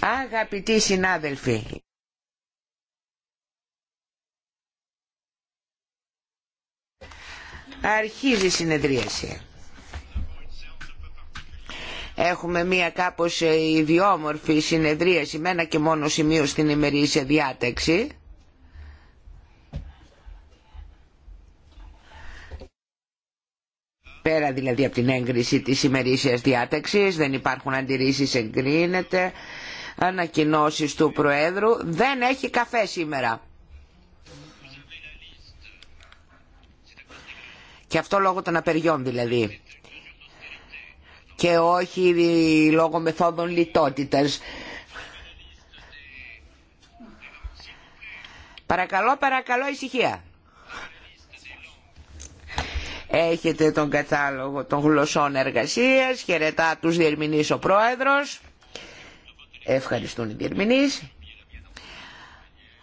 Αγαπητοί συνάδελφοι, αρχίζει η συνεδρίαση. Έχουμε μία κάπως ε, ιδιόμορφη συνεδρίαση με ένα και μόνο σημείο στην ημερήσια διάταξη. Πέρα δηλαδή από την έγκριση της ημερήσιας διάταξης, δεν υπάρχουν αντιρρήσεις, εγκρίνεται. Ανακοινώσεις του Προέδρου, δεν έχει καφέ σήμερα. Και αυτό λόγω των απεριών δηλαδή. Και όχι λόγω μεθόδων λιτότητας. Παρακαλώ, παρακαλώ, ησυχία. Έχετε τον κατάλογο των γλωσσών εργασίας, χαιρετά τους διερμηνείς ο πρόεδρος. Ευχαριστούν οι διερμηνείς.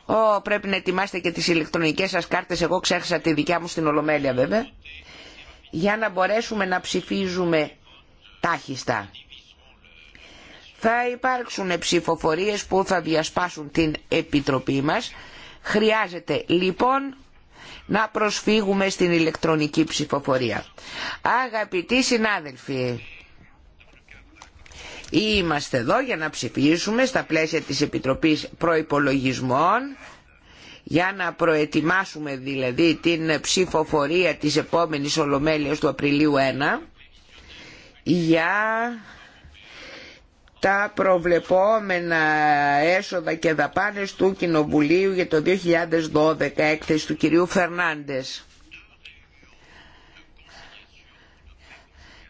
Ο πρέπει να ετοιμάσετε και τις ηλεκτρονικές σας κάρτες, εγώ ξέχασα τη δικιά μου στην Ολομέλεια βέβαια, για να μπορέσουμε να ψηφίζουμε τάχιστα. Θα υπάρξουν ψηφοφορίες που θα διασπάσουν την Επιτροπή μας. Χρειάζεται λοιπόν να προσφύγουμε στην ηλεκτρονική ψηφοφορία. Αγαπητοί συνάδελφοι, είμαστε εδώ για να ψηφίσουμε στα πλαίσια της Επιτροπής Προϋπολογισμών για να προετοιμάσουμε δηλαδή την ψηφοφορία της επόμενης Ολομέλειας του Απριλίου 1 για τα προβλεπόμενα έσοδα και δαπάνες του Κοινοβουλίου για το 2012 έκθεση του κυρίου Φερνάντες.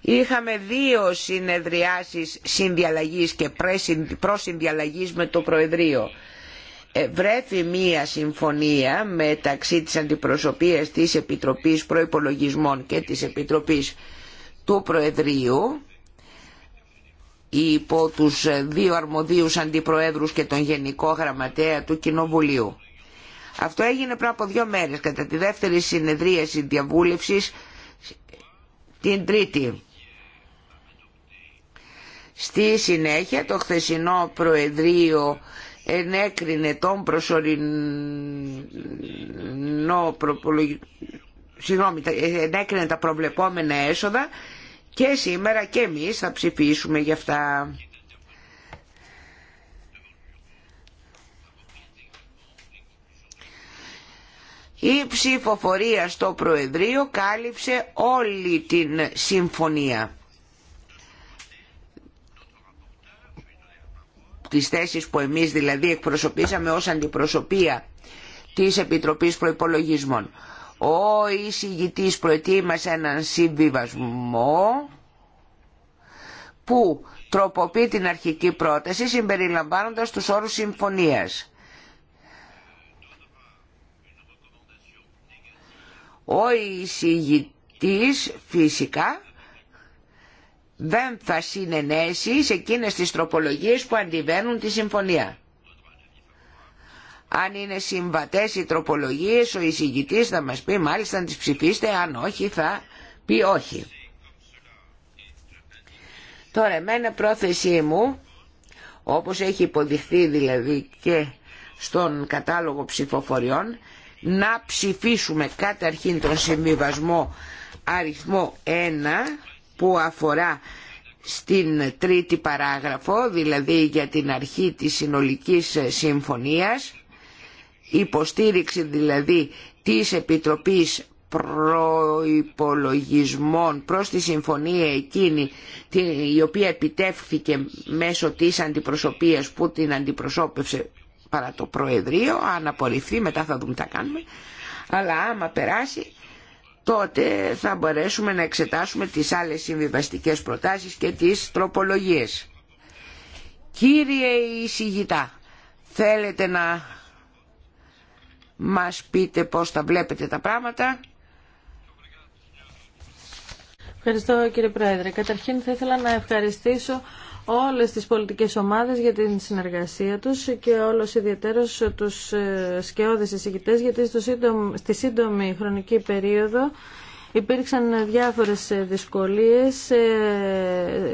Είχαμε δύο συνεδριάσεις συνδιαλλαγής και προσυνδιαλλαγής με το Προεδρείο. Ε, βρέθη μία συμφωνία μεταξύ της αντιπροσωπείας της Επιτροπής Προϋπολογισμών και της Επιτροπής του Προεδρείου υπό τους δύο αρμοδίους αντιπροέδρους και τον Γενικό Γραμματέα του Κοινοβουλίου. Αυτό έγινε πριν από δύο μέρες κατά τη δεύτερη συνεδρίαση διαβούλευσης την Τρίτη. Στη συνέχεια το χθεσινό Προεδρείο ενέκρινε τον προσωρινό προπολογισμό ενέκρινε τα προβλεπόμενα έσοδα και σήμερα και εμείς θα ψηφίσουμε γι' αυτά. Η ψηφοφορία στο Προεδρείο κάλυψε όλη την συμφωνία. Τις θέσεις που εμείς δηλαδή εκπροσωπήσαμε ως αντιπροσωπεία της Επιτροπής Προϋπολογισμών. Ο εισηγητής προετοίμασε έναν συμβιβασμό που τροποποιεί την αρχική πρόταση συμπεριλαμβάνοντας τους όρους συμφωνίας. Ο εισηγητής φυσικά δεν θα συνενέσει σε εκείνες τις τροπολογίες που αντιβαίνουν τη συμφωνία αν είναι συμβατές οι τροπολογίες ο εισηγητής θα μας πει μάλιστα να τις ψηφίστε αν όχι θα πει όχι τώρα εμένα πρόθεσή μου όπως έχει υποδειχθεί δηλαδή και στον κατάλογο ψηφοφοριών να ψηφίσουμε καταρχήν τον συμβιβασμό αριθμό 1 που αφορά στην τρίτη παράγραφο, δηλαδή για την αρχή της συνολικής συμφωνίας υποστήριξη δηλαδή της Επιτροπής προϋπολογισμών προς τη συμφωνία εκείνη η οποία επιτεύχθηκε μέσω της αντιπροσωπείας που την αντιπροσώπευσε παρά το Προεδρείο, αν απορριφθεί μετά θα δούμε τι θα κάνουμε, αλλά άμα περάσει τότε θα μπορέσουμε να εξετάσουμε τις άλλες συμβιβαστικές προτάσεις και τις τροπολογίες. Κύριε Ισηγητά, θέλετε να μας πείτε πώς τα βλέπετε τα πράγματα. Ευχαριστώ κύριε Πρόεδρε. Καταρχήν θα ήθελα να ευχαριστήσω όλες τις πολιτικές ομάδες για την συνεργασία τους και όλους ιδιαίτερους τους ε, σκεώδες εισηγητές γιατί στο στη σύντομη χρονική περίοδο Υπήρξαν διάφορες δυσκολίες ε,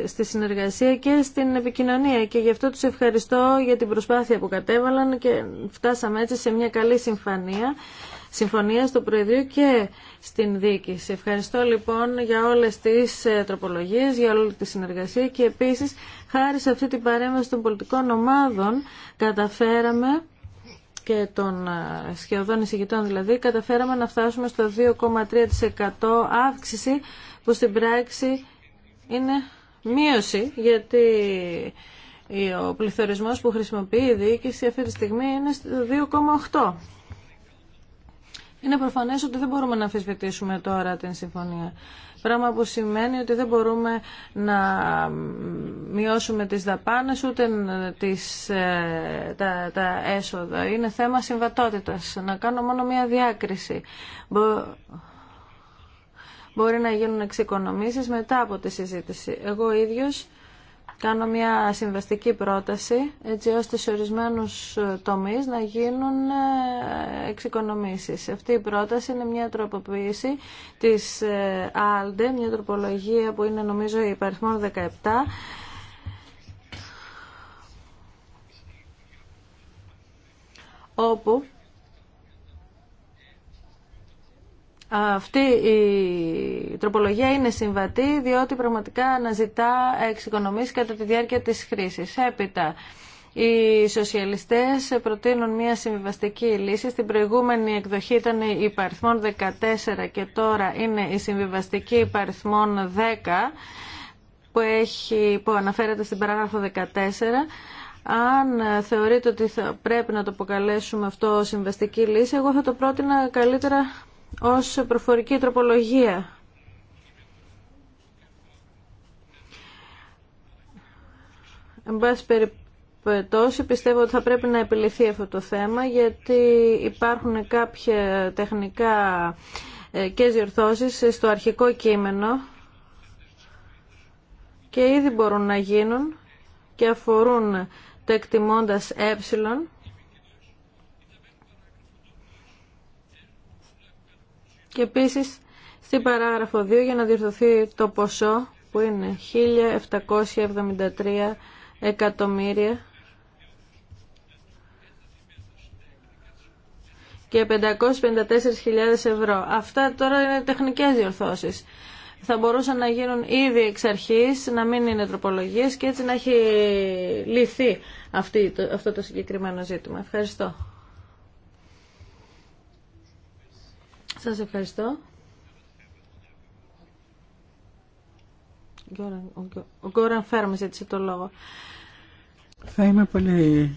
στη συνεργασία και στην επικοινωνία και γι' αυτό τους ευχαριστώ για την προσπάθεια που κατέβαλαν και φτάσαμε έτσι σε μια καλή συμφωνία συμφωνία στο Προεδρείο και στην Σε Ευχαριστώ λοιπόν για όλες τις ε, τροπολογίες, για όλη τη συνεργασία και επίσης χάρη σε αυτή την παρέμβαση των πολιτικών ομάδων καταφέραμε και των ε, σχεδόν εισηγητών δηλαδή, καταφέραμε να φτάσουμε στο 2,3% αύξηση που στην πράξη είναι μείωση γιατί ο πληθωρισμός που χρησιμοποιεί η διοίκηση αυτή τη στιγμή είναι στο 2,8%. Είναι προφανέ ότι δεν μπορούμε να αμφισβητήσουμε τώρα την συμφωνία. Πράγμα που σημαίνει ότι δεν μπορούμε να μειώσουμε τις δαπάνες ούτε τις, ε, τα, τα έσοδα. Είναι θέμα συμβατότητας. Να κάνω μόνο μία διάκριση. Μπορεί να γίνουν εξοικονομήσεις μετά από τη συζήτηση. Εγώ ίδιος κάνω μια συμβαστική πρόταση έτσι ώστε σε ορισμένους ε, τομείς να γίνουν ε, εξοικονομήσεις. Αυτή η πρόταση είναι μια τροποποίηση της ALDE, ε, μια τροπολογία που είναι νομίζω η 17 όπου Αυτή η τροπολογία είναι συμβατή διότι πραγματικά αναζητά εξοικονομήσεις κατά τη διάρκεια της χρήσης. Έπειτα, οι σοσιαλιστές προτείνουν μια συμβιβαστική λύση. Στην προηγούμενη εκδοχή ήταν η υπαριθμόν 14 και τώρα είναι η συμβιβαστική υπαριθμόν 10 που, έχει, που αναφέρεται στην παράγραφο 14. Αν θεωρείτε ότι θα πρέπει να το αποκαλέσουμε αυτό συμβαστική λύση, εγώ θα το πρότεινα καλύτερα ως προφορική τροπολογία. Εν πάση περιπτώσει πιστεύω ότι θα πρέπει να επιληθεί αυτό το θέμα γιατί υπάρχουν κάποια τεχνικά ε, και διορθώσεις στο αρχικό κείμενο και ήδη μπορούν να γίνουν και αφορούν το εκτιμώντας ε και επίσης στην παράγραφο 2 για να διορθωθεί το ποσό που είναι 1773 εκατομμύρια και 554.000 ευρώ. Αυτά τώρα είναι τεχνικές διορθώσεις. Θα μπορούσαν να γίνουν ήδη εξ αρχής, να μην είναι τροπολογίες και έτσι να έχει λυθεί αυτό το συγκεκριμένο ζήτημα. Ευχαριστώ. Σας ευχαριστώ. Ο Γκόραν Φέρμα ζήτησε το λόγο. Θα είμαι πολύ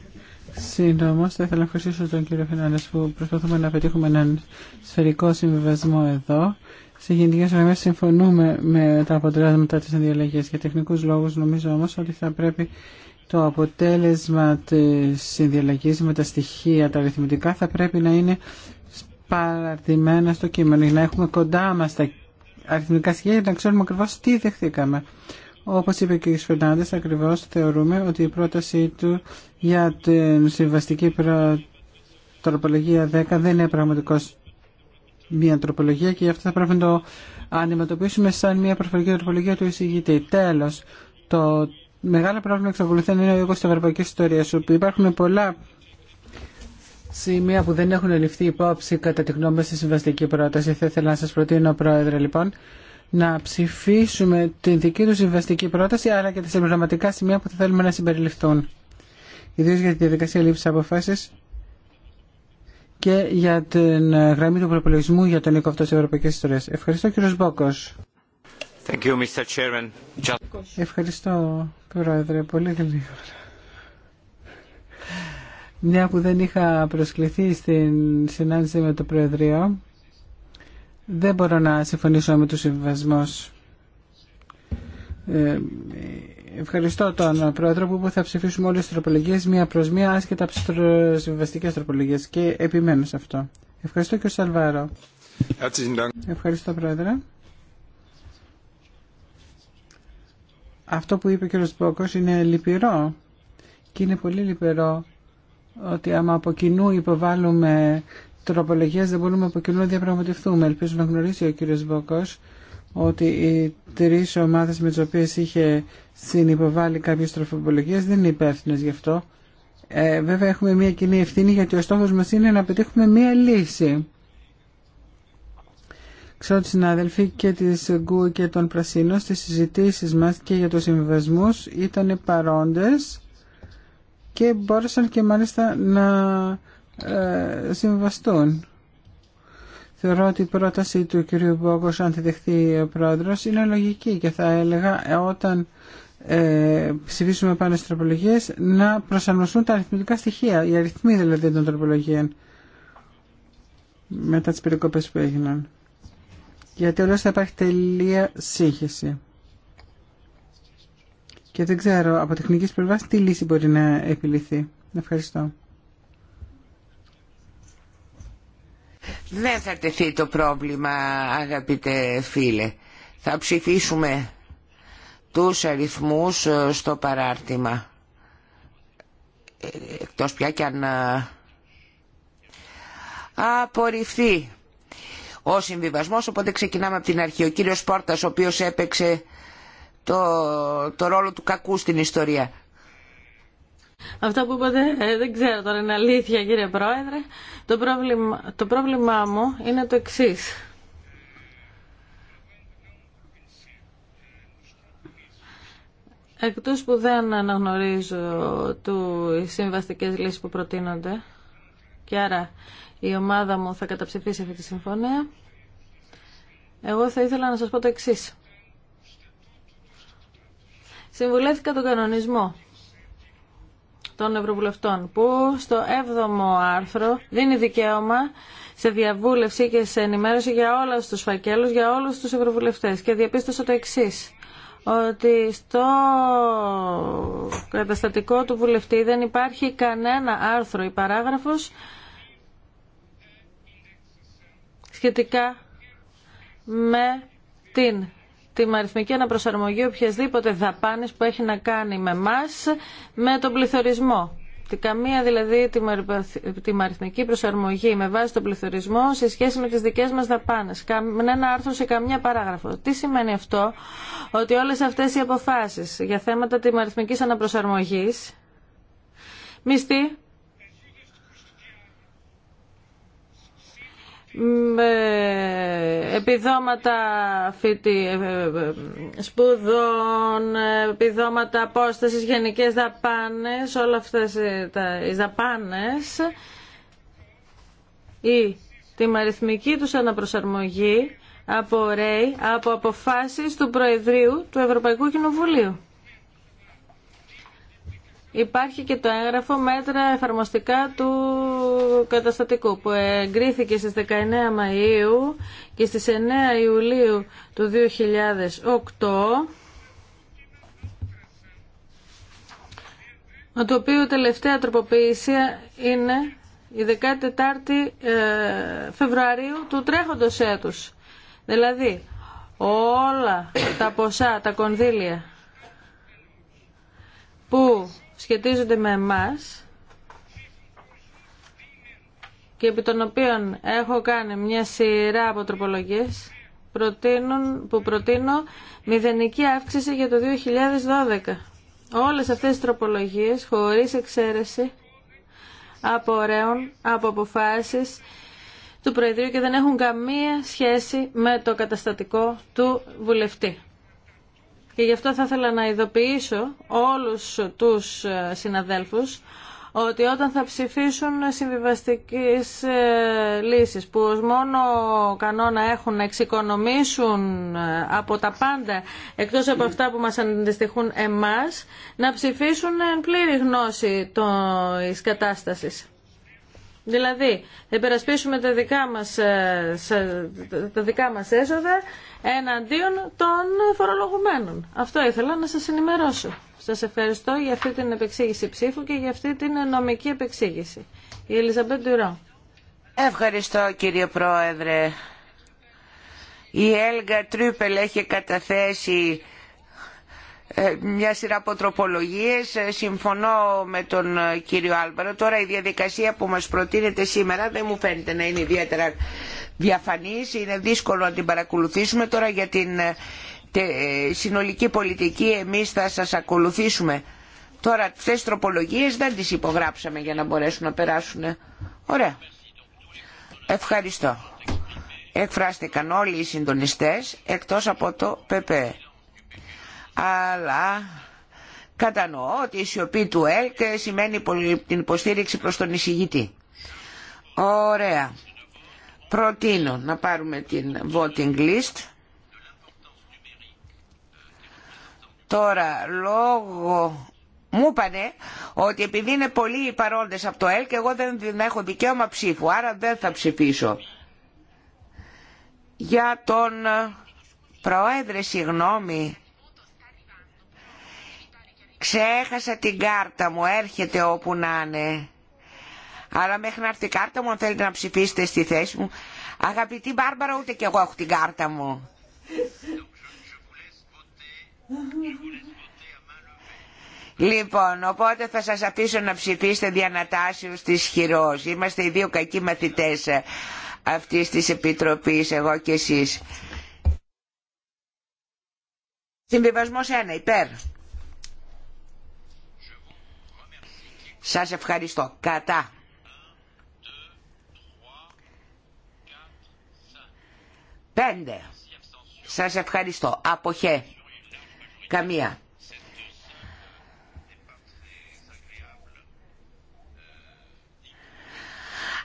σύντομο. Θα ήθελα να ευχαριστήσω τον κύριο Φινάνδε που προσπαθούμε να πετύχουμε έναν σφαιρικό συμβιβασμό εδώ. Σε γενικέ γραμμέ συμφωνούμε με τα αποτελέσματα τη ενδιαλλαγή. Για τεχνικού λόγου, νομίζω όμω ότι θα πρέπει το αποτέλεσμα τη συνδιαλλαγή με τα στοιχεία, τα αριθμητικά, θα πρέπει να είναι παραρτημένα στο κείμενο για να έχουμε κοντά μας τα αριθμικά σχέδια για να ξέρουμε ακριβώς τι δεχθήκαμε. Όπως είπε και ο κ. Φερνάντες, ακριβώς θεωρούμε ότι η πρότασή του για την συμβαστική τροπολογία 10 δεν είναι πραγματικός μια τροπολογία και γι' αυτό θα πρέπει να το αντιμετωπίσουμε σαν μια προφορική τροπολογία του εισηγητή. Τέλος, το μεγάλο πρόβλημα εξακολουθεί είναι ο οίκος της ευρωπαϊκής ιστορίας, όπου υπάρχουν πολλά σημεία που δεν έχουν ληφθεί υπόψη κατά τη γνώμη στη συμβαστική πρόταση. Θα ήθελα να σας προτείνω, Πρόεδρε, λοιπόν, να ψηφίσουμε την δική του συμβαστική πρόταση, αλλά και τα συμπληρωματικά σημεία που θα θέλουμε να συμπεριληφθούν. Ιδίω για τη διαδικασία λήψη αποφάσει και για την γραμμή του προπολογισμού για τον οίκο αυτό τη Ευρωπαϊκή Ιστορία. Ευχαριστώ, κύριο Μπόκο. Ευχαριστώ, Πρόεδρε. Πολύ γρήγορα μια που δεν είχα προσκληθεί στην συνάντηση με το Προεδρείο, δεν μπορώ να συμφωνήσω με τους συμβασμούς. Ε, ευχαριστώ τον Πρόεδρο που θα ψηφίσουμε όλες τις τροπολογίες μία προς μία άσχετα από τις συμβαστικές τροπολογίες και επιμένω σε αυτό. Ευχαριστώ και ο Σαλβάρο. Ευχαριστώ Πρόεδρε. Αυτό που είπε ο κ. Σπόκος είναι λυπηρό και είναι πολύ λυπηρό ότι άμα από κοινού υποβάλλουμε τροπολογίες δεν μπορούμε από κοινού να διαπραγματευτούμε. Ελπίζω να γνωρίσει ο κύριος Βόκος ότι οι τρεις ομάδες με τις οποίες είχε συνυποβάλει κάποιες τροπολογίες δεν είναι υπεύθυνε γι' αυτό. Ε, βέβαια έχουμε μια κοινή ευθύνη γιατί ο στόχος μας είναι να πετύχουμε μια λύση. Ξέρω τους συνάδελφοι και της Γκου και των Πρασίνων στις συζητήσεις μας και για τους συμβασμούς ήταν παρόντε και μπόρεσαν και μάλιστα να ε, συμβαστούν. Θεωρώ ότι η πρόταση του κ. Μπόγκος αν τη δεχτεί ο πρόεδρος είναι λογική και θα έλεγα ε, όταν ε, ψηφίσουμε πάνω στις τροπολογίες να προσαρμοστούν τα αριθμητικά στοιχεία, οι αριθμοί δηλαδή των τροπολογίων μετά τις περικοπές που έγιναν. Γιατί όλες θα υπάρχει τελεία σύγχυση και δεν ξέρω από τεχνικής πλευράς τι λύση μπορεί να επιληθεί. Ευχαριστώ. Δεν θα τεθεί το πρόβλημα αγαπητέ φίλε. Θα ψηφίσουμε τους αριθμούς ε, στο παράρτημα. Ε, εκτός πια και αν ε, απορριφθεί ο συμβιβασμός, οπότε ξεκινάμε από την αρχή. Ο κύριος Πόρτας, ο οποίος έπαιξε το, το ρόλο του κακού στην ιστορία. Αυτό που είπατε ε, δεν ξέρω τώρα είναι αλήθεια κύριε Πρόεδρε. Το πρόβλημα, το πρόβλημά μου είναι το εξής. Εκτός που δεν αναγνωρίζω του, οι συμβαστικές λύσεις που προτείνονται και άρα η ομάδα μου θα καταψηφίσει αυτή τη συμφωνία, εγώ θα ήθελα να σας πω το εξής. Συμβουλεύτηκα τον κανονισμό των Ευρωβουλευτών που στο 7ο άρθρο δίνει δικαίωμα σε διαβούλευση και σε ενημέρωση για όλους τους φακέλους, για όλους τους Ευρωβουλευτές και διαπίστωσα το εξή. ότι στο καταστατικό του βουλευτή δεν υπάρχει κανένα άρθρο ή παράγραφος σχετικά με την Τη μαριθμική αναπροσαρμογή οποιασδήποτε δαπάνης που έχει να κάνει με εμά με τον πληθωρισμό. Καμία δηλαδή τη μαριθμική προσαρμογή με βάση τον πληθωρισμό σε σχέση με τις δικές μας δαπάνες. Με ένα άρθρο σε καμιά παράγραφο. Τι σημαίνει αυτό, ότι όλες αυτές οι αποφάσεις για θέματα τη τη αναπροσαρμογής μισθή με επιδόματα ε, ε, ε, σπουδών, επιδόματα απόστασης, γενικές δαπάνες, όλα αυτές τα, οι δαπάνες ή τη μαριθμική τους αναπροσαρμογή απορρέει από αποφάσεις του Προεδρείου του Ευρωπαϊκού Κοινοβουλίου. Υπάρχει και το έγγραφο μέτρα εφαρμοστικά του καταστατικού που εγκρίθηκε στις 19 Μαΐου και στις 9 Ιουλίου του 2008 το οποίο τελευταία τροποποίηση είναι η 14η ε, Φεβρουαρίου του τρέχοντος έτους. Δηλαδή, όλα τα ποσά, τα κονδύλια που σχετίζονται με εμάς και επί των οποίων έχω κάνει μια σειρά από τροπολογίες που προτείνω μηδενική αύξηση για το 2012. Όλες αυτές οι τροπολογίες, χωρίς εξαίρεση, απορρέουν από αποφάσεις του Προεδρείου και δεν έχουν καμία σχέση με το καταστατικό του βουλευτή. Και γι' αυτό θα ήθελα να ειδοποιήσω όλους τους ε, συναδέλφους ότι όταν θα ψηφίσουν συμβιβαστικές ε, λύσεις που ως μόνο κανόνα έχουν να εξοικονομήσουν ε, από τα πάντα εκτός από αυτά που μας αντιστοιχούν εμάς να ψηφίσουν εν πλήρη γνώση της κατάστασης. Δηλαδή, θα υπερασπίσουμε τα δικά μας, ε, τα δικά μας έσοδα εναντίον των φορολογουμένων. Αυτό ήθελα να σας ενημερώσω. Σας ευχαριστώ για αυτή την επεξήγηση ψήφου και για αυτή την νομική επεξήγηση. Η Ελιζαμπέτ Ντουρό. Ευχαριστώ κύριε Πρόεδρε. Η Έλγα Τρίπελ έχει καταθέσει ε, μια σειρά από τροπολογίες. Ε, συμφωνώ με τον ε, κύριο Άλβαρο. Τώρα η διαδικασία που μας προτείνεται σήμερα δεν μου φαίνεται να είναι ιδιαίτερα διαφανής. Είναι δύσκολο να την παρακολουθήσουμε. Τώρα για την συνολική πολιτική εμείς θα σας ακολουθήσουμε. Τώρα αυτές τις τροπολογίες δεν τις υπογράψαμε για να μπορέσουν να περάσουν. Ωραία. Ευχαριστώ. Εκφράστηκαν όλοι οι συντονιστές εκτός από το ΠΠΕ αλλά κατανοώ ότι η σιωπή του ΕΛΚ σημαίνει την υποστήριξη προς τον εισηγητή. Ωραία. Προτείνω να πάρουμε την voting list. Τώρα, λόγω μου είπανε ότι επειδή είναι πολλοί οι παρόντες από το ΕΛ εγώ δεν έχω δικαίωμα ψήφου, άρα δεν θα ψηφίσω. Για τον ε, Προέδρε, συγγνώμη, Ξέχασα την κάρτα μου, έρχεται όπου να είναι. Αλλά μέχρι να έρθει η κάρτα μου, αν θέλετε να ψηφίσετε στη θέση μου. Αγαπητή Μπάρμπαρα, ούτε κι εγώ έχω την κάρτα μου. Λοιπόν, οπότε θα σας αφήσω να ψηφίσετε διανατάσεως της χειρός. Είμαστε οι δύο κακοί μαθητές αυτής της Επιτροπής, εγώ και εσείς. Συμβιβασμός 1, υπέρ. Σας ευχαριστώ. Κατά. Πέντε. Σας ευχαριστώ. Αποχέ. Καμία.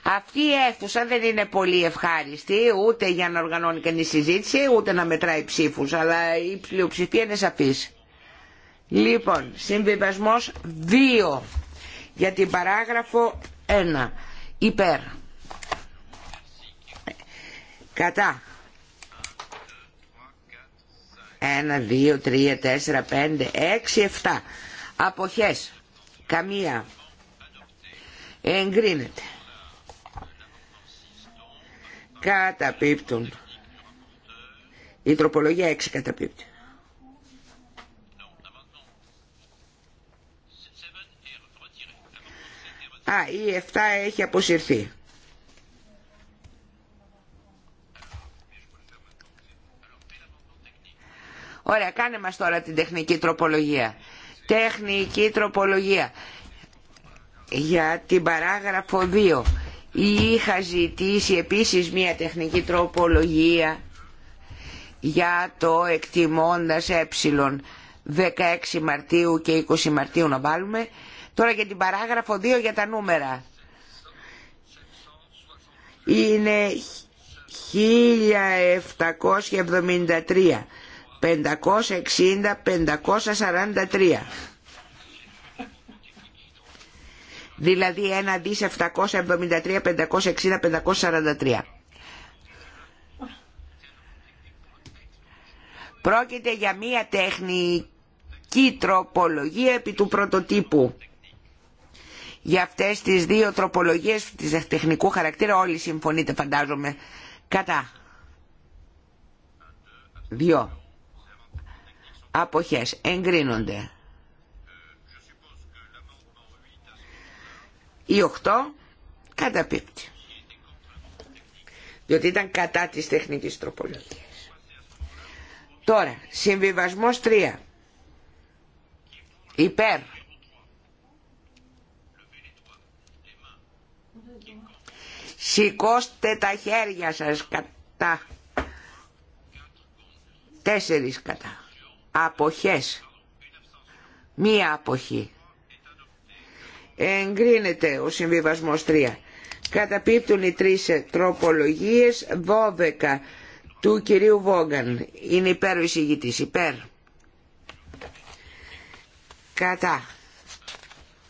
Αυτή η αίθουσα δεν είναι πολύ ευχάριστη ούτε για να οργανώνει κανεί συζήτηση ούτε να μετράει ψήφους αλλά η πλειοψηφία είναι σαφής. Λοιπόν, συμβιβασμός 2 για την παράγραφο 1 υπέρ κατά 1, 2, 3, 4, 5, 6, 7 αποχές καμία εγκρίνεται καταπίπτουν η τροπολογία 6 καταπίπτει Α, η 7 έχει αποσυρθεί. Ωραία, κάνε μας τώρα την τεχνική τροπολογία. Τεχνική τροπολογία. Για την παράγραφο 2. Είχα ζητήσει επίσης μια τεχνική τροπολογία για το εκτιμώντας ε. 16 Μαρτίου και 20 Μαρτίου να βάλουμε Τώρα για την παράγραφο 2 για τα νούμερα. Είναι 1773, 560, 543. Δηλαδή 1 δις 773, 560, 543. Πρόκειται για μία τεχνική τροπολογία επί του πρωτοτύπου για αυτές τις δύο τροπολογίες της τεχνικού χαρακτήρα όλοι συμφωνείτε φαντάζομαι κατά δύο αποχές εγκρίνονται ή οχτώ καταπίπτει διότι ήταν κατά της τεχνικής τροπολογίας τώρα συμβιβασμός 3 υπέρ Σηκώστε τα χέρια σας κατά. Τέσσερις κατά. Αποχές. Μία αποχή. Εγκρίνεται ο συμβιβασμός 3. Καταπίπτουν οι τρεις τροπολογίες 12 του κυρίου Βόγκαν. Είναι υπέρ ο εισηγητής. Υπέρ. Κατά.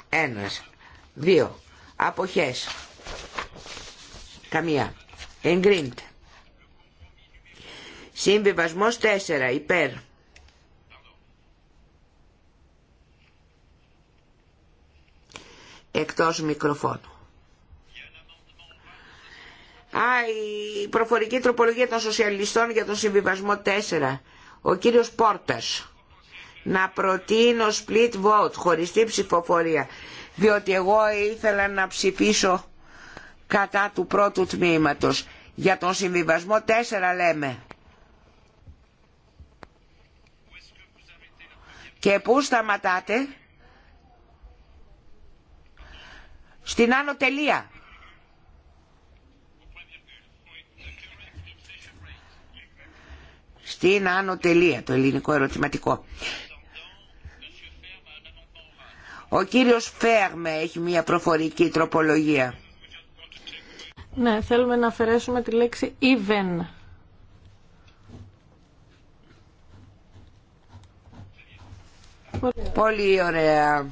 Ένας. Δύο. Αποχές καμία. Συμβιβασμός 4 υπέρ. Εκτός μικροφώνου. Α, η προφορική τροπολογία των σοσιαλιστών για τον συμβιβασμό 4. Ο κύριος Πόρτας. Να προτείνω split vote, χωριστή ψηφοφορία. Διότι εγώ ήθελα να ψηφίσω κατά του πρώτου τμήματος. Για τον συμβιβασμό 4 λέμε. Και πού σταματάτε. Στην άνω Στην άνω το ελληνικό ερωτηματικό. Ο κύριος Φέρμε έχει μια προφορική τροπολογία. Ναι, θέλουμε να αφαιρέσουμε τη λέξη even. Πολύ ωραία.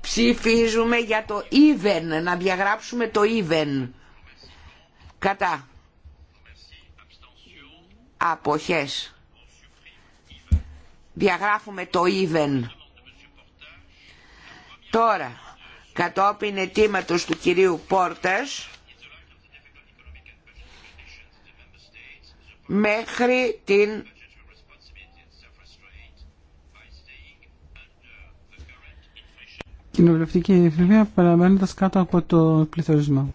Ψηφίζουμε για το even, να διαγράψουμε το even. Κατά. Αποχές. Διαγράφουμε το even. Τώρα κατόπιν αιτήματος του κυρίου Πόρτας μέχρι την κοινοβουλευτική εφηβεία παραμένοντας κάτω από το πληθωρισμό.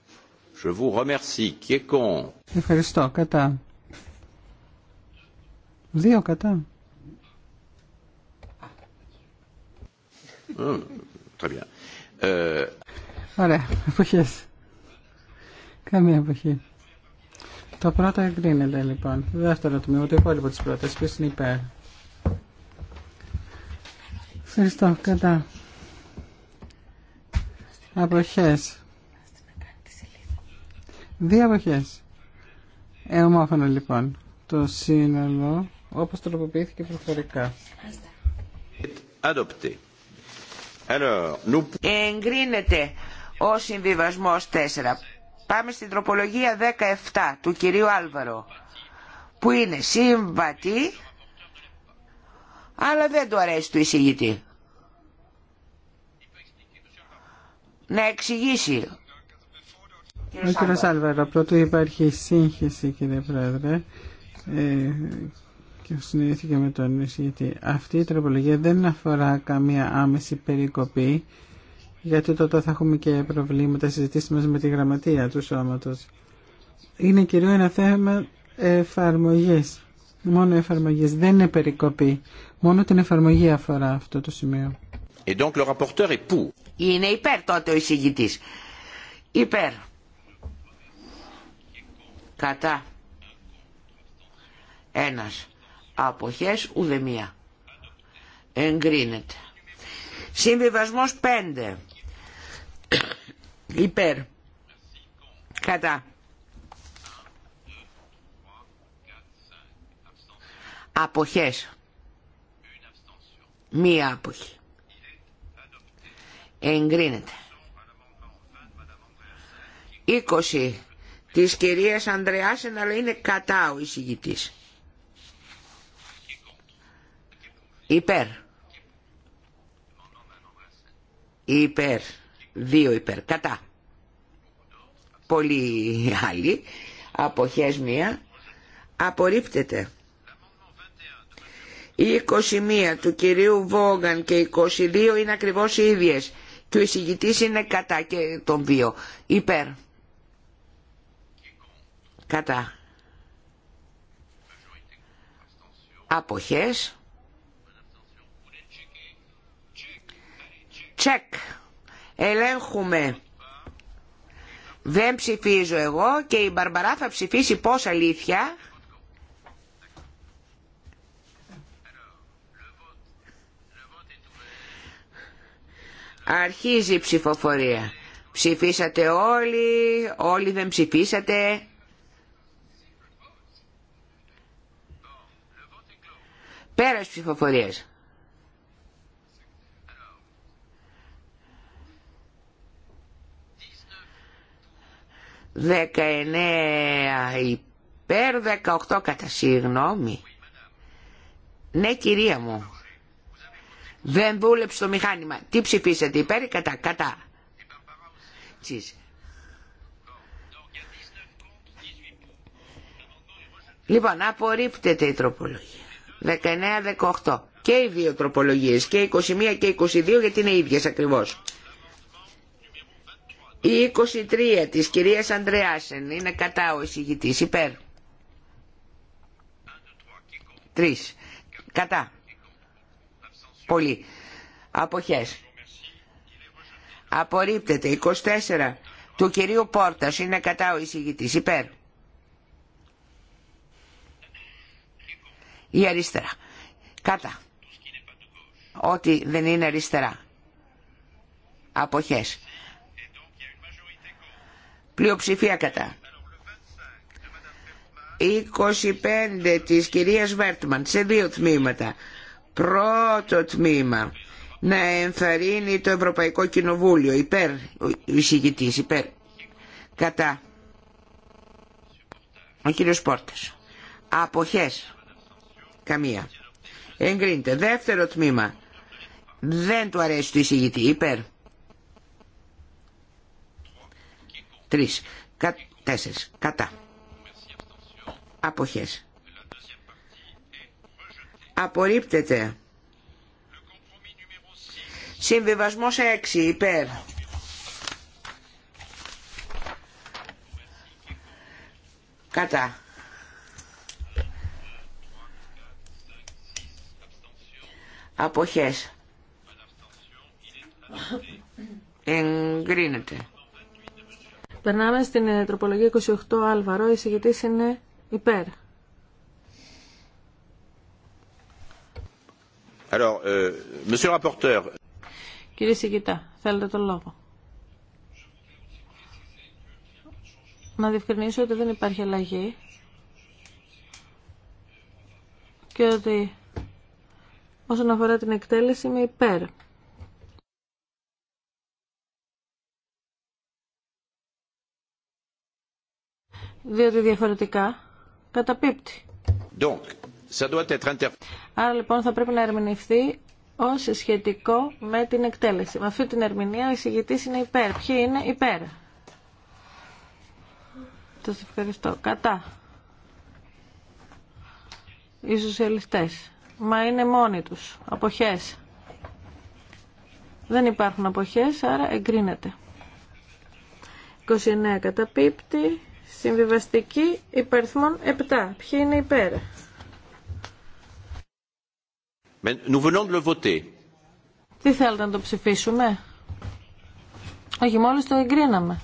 Je Ευχαριστώ. Κατά. Δύο κατά. Mm, très ε, ωραία, εποχές. Καμία εποχή. Το πρώτο εγκρίνεται λοιπόν. Δεύτερο τμήμα, το υπόλοιπο τη πρώτης. Ποιο είναι υπέρ. Ευχαριστώ, κατά. Αποχέ. Δύο αποχέ. Ε, λοιπόν. Το σύνολο, όπως τροποποιήθηκε προφορικά. Adopted. Εγκρίνεται ο συμβιβασμός 4. Πάμε στην τροπολογία 17 του κυρίου Άλβαρο που είναι συμβατή αλλά δεν του αρέσει το εισηγητή. Να εξηγήσει. Ο κύριος Άλβαρο, πρώτο υπάρχει σύγχυση κύριε Πρόεδρε. Ε, και συνειδηθήκα με τον γιατί αυτή η τροπολογία δεν αφορά καμία άμεση περικοπή γιατί τότε θα έχουμε και προβλήματα συζητήσεις μας με τη γραμματεία του σώματος. Είναι κυρίως ένα θέμα εφαρμογής. Μόνο εφαρμογής. Δεν είναι περικοπή. Μόνο την εφαρμογή αφορά αυτό το σημείο. donc, le est pour. Είναι υπέρ τότε ο εισηγητής. Υπέρ. Κατά. Ένας αποχές ουδεμία. Εγκρίνεται. Συμβιβασμός 5. Υπέρ. Κατά. Αποχές. Μία αποχή. Εγκρίνεται. 20 της κυρίας Ανδρεάσεν αλλά είναι κατά ο εισηγητής. Υπέρ. Υπέρ. Δύο υπέρ. Κατά. Πολλοί άλλοι. Αποχές μία. Απορρίπτεται. 21 του κυρίου Βόγκαν και 22 είναι ακριβώς οι ίδιες. Και ο εισηγητής είναι κατά και των δύο. Υπέρ. Κατά. Αποχές. Τσεκ. Ελέγχουμε. Δεν ψηφίζω εγώ και η Μπαρμπαρά θα ψηφίσει πώς αλήθεια. Αρχίζει η ψηφοφορία. Ψηφίσατε όλοι, όλοι δεν ψηφίσατε. Πέρας ψηφοφορίας. 19 υπέρ 18 κατά συγγνώμη ναι κυρία μου δεν δούλεψε το μηχάνημα τι ψηφίσατε υπέρ ή κατά κατά Λοιπόν, απορρίπτεται η τροπολογία. 19-18. Και οι δύο τροπολογίες, και 21 και 22, γιατί είναι ίδιες ακριβώς. Η 23 της κυρίας Ανδρεάσεν είναι κατά ο εισηγητής, υπέρ. Τρεις. Κατά. Πολύ. Αποχές. Απορρίπτεται. 24 του κυρίου Πόρτας είναι κατά ο εισηγητής, υπέρ. Η αριστερά. Κατά. Ό,τι δεν είναι αριστερά. Αποχές πλειοψηφία κατά. 25 της κυρίας Βέρτμαν σε δύο τμήματα. Πρώτο τμήμα να ενθαρρύνει το Ευρωπαϊκό Κοινοβούλιο υπέρ εισηγητής υπέρ κατά ο κύριος Πόρτας αποχές καμία εγκρίνεται δεύτερο τμήμα δεν του αρέσει το εισηγητή υπέρ Τρεις. Κα, τέσσερις. Κατά. Αποχές. Απορρίπτεται. Συμβιβασμός έξι. Υπέρ. Κατά. Αποχές. Εγκρίνεται. Περνάμε στην ε, τροπολογία 28 Άλβαρο. Η συγκεκριτής είναι υπέρ. Alors, euh, monsieur rapporteur. Κύριε Σιγητά, θέλετε τον λόγο. Να διευκρινίσω ότι δεν υπάρχει αλλαγή και ότι όσον αφορά την εκτέλεση είμαι υπέρ. διότι διαφορετικά καταπίπτει. Donc, ça doit être Άρα λοιπόν θα πρέπει να ερμηνευθεί ω σχετικό με την εκτέλεση. Με αυτή την ερμηνεία ο εισηγητή είναι υπέρ. Ποιοι είναι υπέρ. Σα ευχαριστώ. Κατά. Οι σοσιαλιστέ. Μα είναι μόνοι του. Αποχέ. Δεν υπάρχουν αποχές, άρα εγκρίνεται. 29 καταπίπτει. Συμβιβαστική υπαριθμών 7. Ποιοι είναι υπέρ. Nous Τι θέλετε να το ψηφίσουμε. Όχι, μόλις το εγκρίναμε.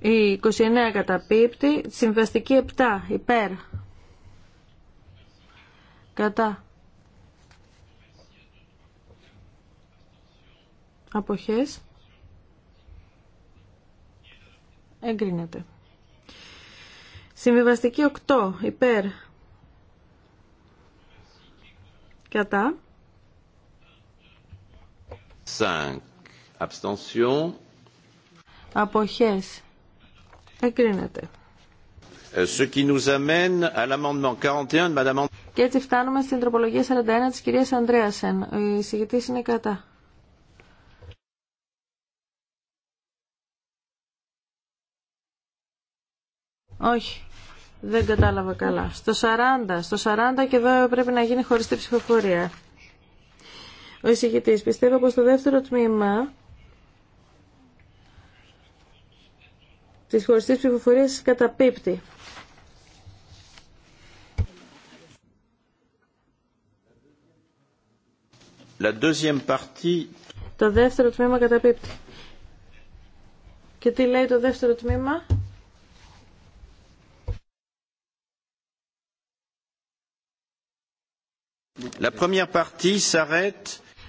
Η 29 καταπίπτει, συμβαστική 7, υπέρ. Κατά. αποχές εγκρίνεται. Συμβιβαστική 8 υπέρ κατά 5 abstention αποχές εγκρίνεται. Euh, Ce qui nous amène à l'amendement 41 de Madame. Και έτσι φτάνουμε στην τροπολογία 41 της κυρίας Ανδρέασεν. Ο εισηγητής είναι κατά. Όχι. Δεν κατάλαβα καλά. Στο 40. Στο 40 και εδώ πρέπει να γίνει χωριστή ψηφοφορία. Ο εισηγητής πιστεύω πως το δεύτερο τμήμα της χωριστής ψηφοφορίας καταπίπτει. La deuxième partie... Το δεύτερο τμήμα καταπίπτει. Και τι λέει το δεύτερο τμήμα?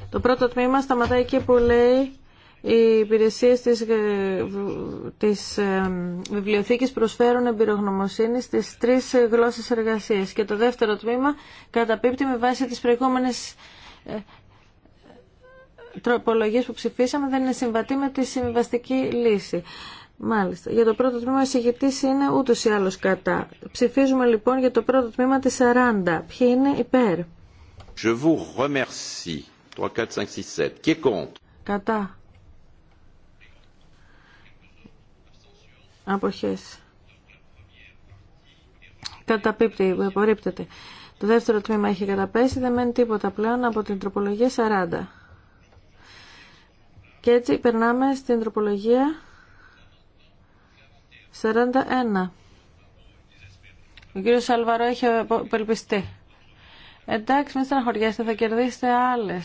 Το πρώτο τμήμα σταματάει εκεί που λέει οι υπηρεσίε της, ε, της ε, βιβλιοθήκης προσφέρουν εμπειρογνωμοσύνη στις τρεις γλώσσες εργασίας και το δεύτερο τμήμα καταπίπτει με βάση τις προηγούμενες ε, τροπολογίες που ψηφίσαμε δεν είναι συμβατή με τη συμβαστική λύση. Μάλιστα. Για το πρώτο τμήμα ο είναι ούτως ή άλλως κατά. Ψηφίζουμε λοιπόν για το πρώτο τμήμα τη 40. Ποιοι είναι υπέρ. Je vous remercie. 3, 4, 5, 6, 7. Qui est contre Kata. Αποχές. Καταπίπτει, απορρίπτεται. Το δεύτερο τμήμα έχει καταπέσει, δεν μένει τίποτα πλέον από την τροπολογία 40. Και έτσι περνάμε στην τροπολογία 41. Ο κύριος Σαλβαρό έχει απελπιστεί. Εντάξει, μην στεναχωριέστε, θα κερδίσετε αλλε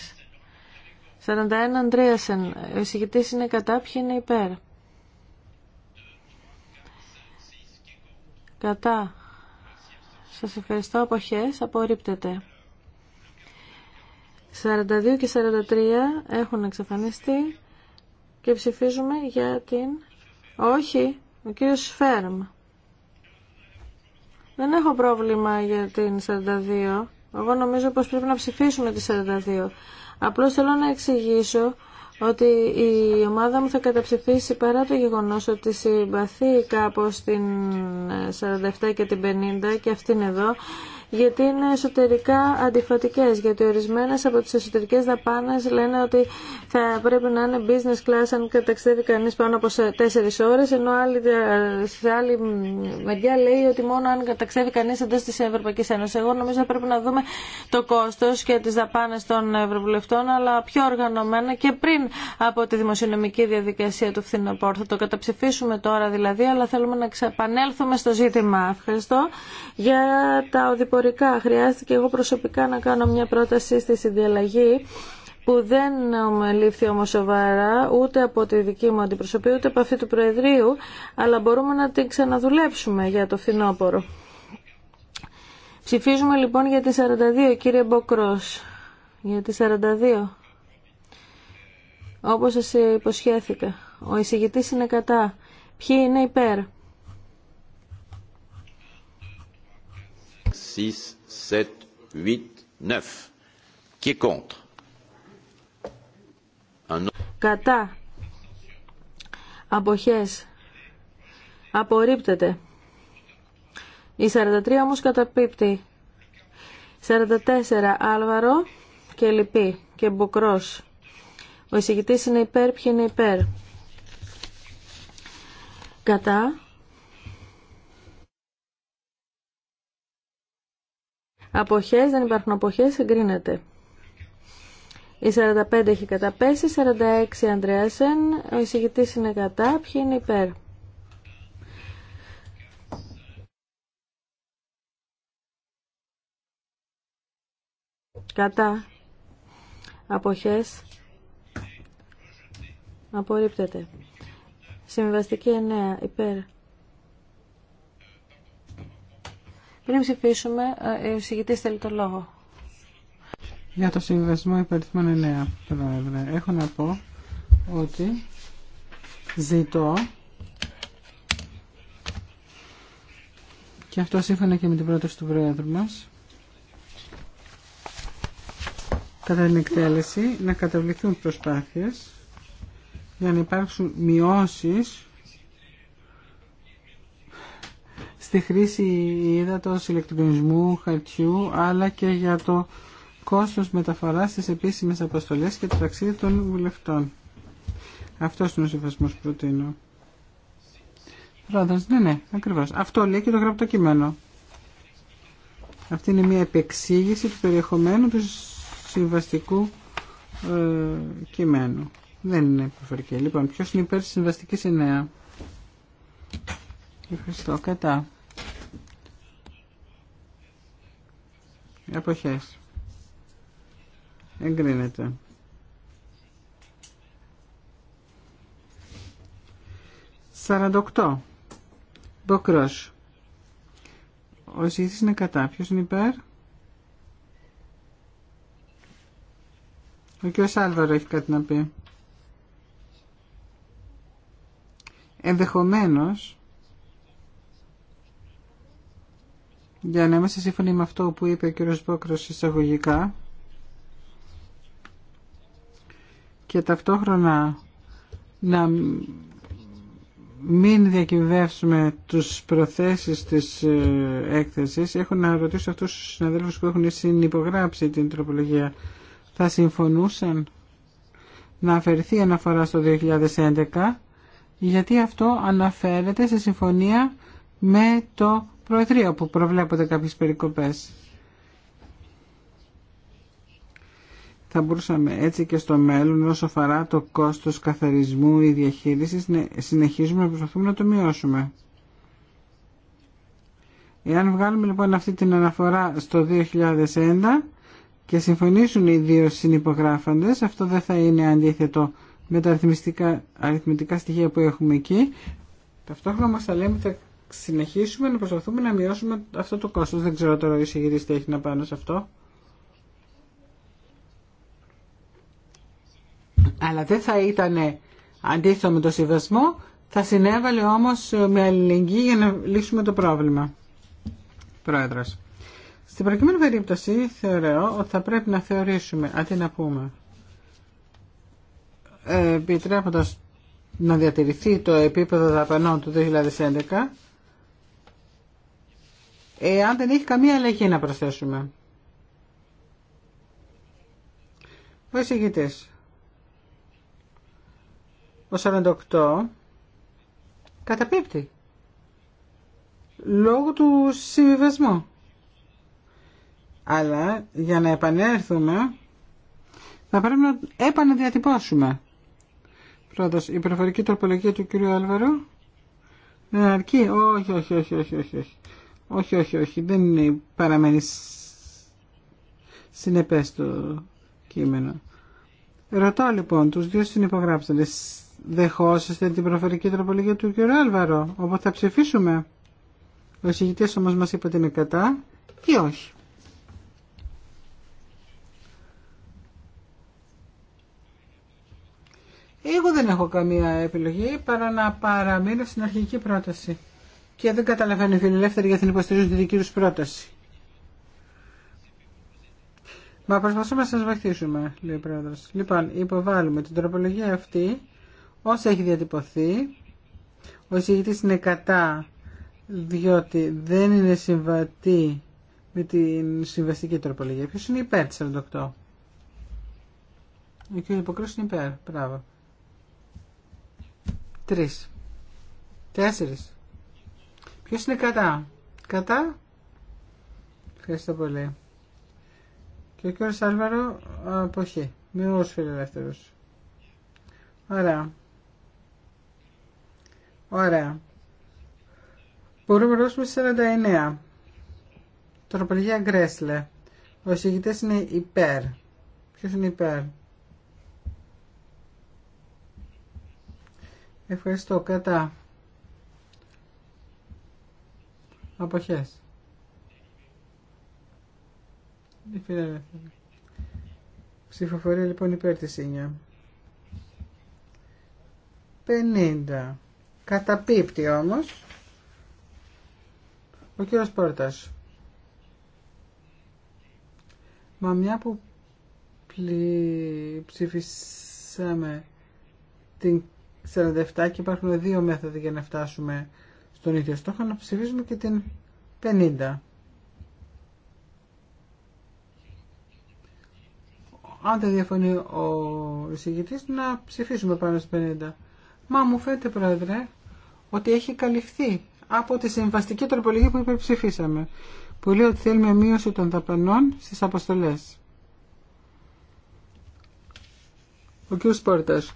41 Αντρέασεν. Ο εισηγητή είναι κατά, ποιοι είναι υπέρ. Κατά. Σας ευχαριστώ, αποχές, απορρίπτεται. 42 και 43 έχουν εξαφανιστεί και ψηφίζουμε για την... Όχι, ο κύριος Φέρμ. Δεν έχω πρόβλημα για την 42. Εγώ νομίζω πως πρέπει να ψηφίσουμε τις 42. Απλώς θέλω να εξηγήσω ότι η ομάδα μου θα καταψηφίσει παρά το γεγονός ότι συμπαθεί κάπως την 47 και την 50 και αυτήν εδώ γιατί είναι εσωτερικά αντιφατικές, γιατί ορισμένες από τις εσωτερικές δαπάνες λένε ότι θα πρέπει να είναι business class αν καταξιδεύει κανείς πάνω από 4 ώρες, ενώ άλλη, σε άλλη μεριά λέει ότι μόνο αν καταξιδεύει κανείς εντός της Ευρωπαϊκής Ένωσης. Εγώ νομίζω ότι πρέπει να δούμε το κόστος και τις δαπάνες των Ευρωβουλευτών, αλλά πιο οργανωμένα και πριν από τη δημοσιονομική διαδικασία του φθινοπόρου. Θα το καταψηφίσουμε τώρα δηλαδή, αλλά θέλουμε να ξαπανέλθουμε στο ζήτημα. Ευχαριστώ για τα οδηπορία Χρειάστηκε εγώ προσωπικά να κάνω μια πρόταση στη συνδιαλλαγή που δεν λήφθη όμω σοβαρά ούτε από τη δική μου αντιπροσωπή ούτε από αυτή του Προεδρείου αλλά μπορούμε να την ξαναδουλέψουμε για το φθινόπωρο. Ψηφίζουμε λοιπόν για τη 42 κύριε Μποκρός. Για τη 42. Όπως σα υποσχέθηκα. Ο εισηγητή είναι κατά. Ποιοι είναι υπέρ. 6, 7, 8, 9. Qui est contre Un Κατά. Αποχές. Απορρίπτεται. Η 43 όμως καταπίπτει. 44 Άλβαρο και λυπή και μπουκρός. Ο εισηγητής είναι υπέρ, υπέρ. Κατά. Αποχές, δεν υπάρχουν αποχές, εγκρίνεται. Η 45 έχει καταπέσει, 46 Ανδρέασεν, ο εισηγητής είναι κατά, ποιοι είναι υπέρ. Κατά. Αποχές. Απορρίπτεται. Συμβαστική 9 υπέρ. Πριν ψηφίσουμε, ε, ο εισηγητής θέλει το λόγο. Για το συμβασμό υπαριθμών 9, Πρόεδρε, έχω να πω ότι ζητώ και αυτό σύμφωνα και με την πρόταση του Πρόεδρου μας κατά την εκτέλεση να καταβληθούν προσπάθειες για να υπάρξουν μειώσεις στη χρήση ύδατος, ηλεκτρονισμού, χαρτιού, αλλά και για το κόστος μεταφοράς στις επίσημες αποστολές και το ταξίδι των βουλευτών. Αυτό είναι ο συμβασμός που προτείνω. Πρόεδρος, ναι, ναι, ακριβώς. Αυτό λέει και το γραπτό κείμενο. Αυτή είναι μια επεξήγηση του περιεχομένου του συμβαστικού ε, κειμένου. Δεν είναι προφορική. Λοιπόν, ποιος είναι υπέρ της συμβαστικής εννέα. Ευχαριστώ. Κατά. εποχές. Εγκρίνεται. Σαραντοκτώ. Μποκρός. Ο ζήτης είναι κατά. Ποιος είναι υπέρ. Ο κ. Άλβαρο έχει κάτι να πει. Ενδεχομένως για να είμαστε σύμφωνοι με αυτό που είπε ο κ. Μπόκρος εισαγωγικά και ταυτόχρονα να μην διακυβεύσουμε τους προθέσεις της ε, έκθεσης. Έχω να ρωτήσω αυτούς τους συναδέλφους που έχουν συνυπογράψει την τροπολογία. Θα συμφωνούσαν να αφαιρεθεί αναφορά στο 2011 γιατί αυτό αναφέρεται σε συμφωνία με το Προεδρία που προβλέπονται κάποιες περικοπές. Θα μπορούσαμε έτσι και στο μέλλον όσο αφορά το κόστος καθαρισμού ή διαχείρισης να συνεχίζουμε να προσπαθούμε να το μειώσουμε. Εάν βγάλουμε λοιπόν αυτή την αναφορά στο 2001 και συμφωνήσουν οι δύο συνυπογράφοντες, αυτό δεν θα είναι αντίθετο με τα αριθμητικά στοιχεία που έχουμε εκεί. Ταυτόχρονα μας θα λέμε συνεχίσουμε να προσπαθούμε να μειώσουμε αυτό το κόστος. Δεν ξέρω τώρα η εισηγητής τι έχει να πάνω σε αυτό. Αλλά δεν θα ήταν αντίθετο με το συμβασμό, θα συνέβαλε όμως με αλληλεγγύη για να λύσουμε το πρόβλημα. Πρόεδρος. Στην προκειμένη περίπτωση θεωρώ ότι θα πρέπει να θεωρήσουμε, αντί να πούμε, ε, επιτρέποντας να διατηρηθεί το επίπεδο δαπανών του 2011, εάν δεν έχει καμία αλλαγή να προσθέσουμε. Ο εισηγητής. Ο 48 καταπίπτει. Λόγω του συμβιβασμού. Αλλά για να επανέλθουμε θα πρέπει να επαναδιατυπώσουμε. Πρώτος, η προφορική τροπολογία του κυρίου Άλβαρο. Ναι, αρκεί. Όχι, όχι, όχι, όχι, όχι. Όχι, όχι, όχι. Δεν είναι, παραμένει συνεπές το κείμενο. Ρωτάω λοιπόν τους δύο συνυπογράψατε, Δεχόσαστε την προφορική τροπολογία του κ. Άλβαρο, όπου θα ψηφίσουμε. Ο εισηγητής όμως μας είπε ότι είναι κατά ή όχι. Εγώ δεν έχω καμία επιλογή παρά να παραμείνω στην αρχική πρόταση και δεν καταλαβαίνω οι φιλελεύθεροι γιατί υποστηρίζουν τη δική του πρόταση. Μα προσπαθούμε να σα βοηθήσουμε, λέει ο πρόεδρο. Λοιπόν, υποβάλλουμε την τροπολογία αυτή όσα έχει διατυπωθεί. Ο εισηγητή είναι κατά διότι δεν είναι συμβατή με την συμβαστική τροπολογία. Ποιο είναι υπέρ τη 48. Ο κ. Υποκρός είναι υπέρ. Μπράβο. Τρει. Τέσσερις. Ποιος είναι κατά. Κατά. Ευχαριστώ πολύ. Και ο κύριος Άλβαρο αποχή. Με όρους ελεύθερος. Ωραία. Ωραία. Μπορούμε να δώσουμε 49. Τροπολογία Γκρέσλε. Ο εισηγητές είναι υπέρ. Ποιος είναι υπέρ. Ευχαριστώ. Κατά. Αποχές. Η Ψηφοφορία λοιπόν υπέρ της Ίνια. 50. Καταπίπτει όμως. Ο κύριος Πόρτας. Μα μια που πλη... ψηφίσαμε την 47 και υπάρχουν δύο μέθοδοι για να φτάσουμε τον ίδιο στόχο να ψηφίσουμε και την 50. Αν δεν διαφωνεί ο εισηγητής να ψηφίσουμε πάνω στις 50. Μα μου φαίνεται πρόεδρε ότι έχει καλυφθεί από τη συμβαστική τροπολογία που υπερψηφίσαμε που λέει ότι θέλουμε μείωση των δαπανών στις αποστολές. Ο κ. Σπόρτας.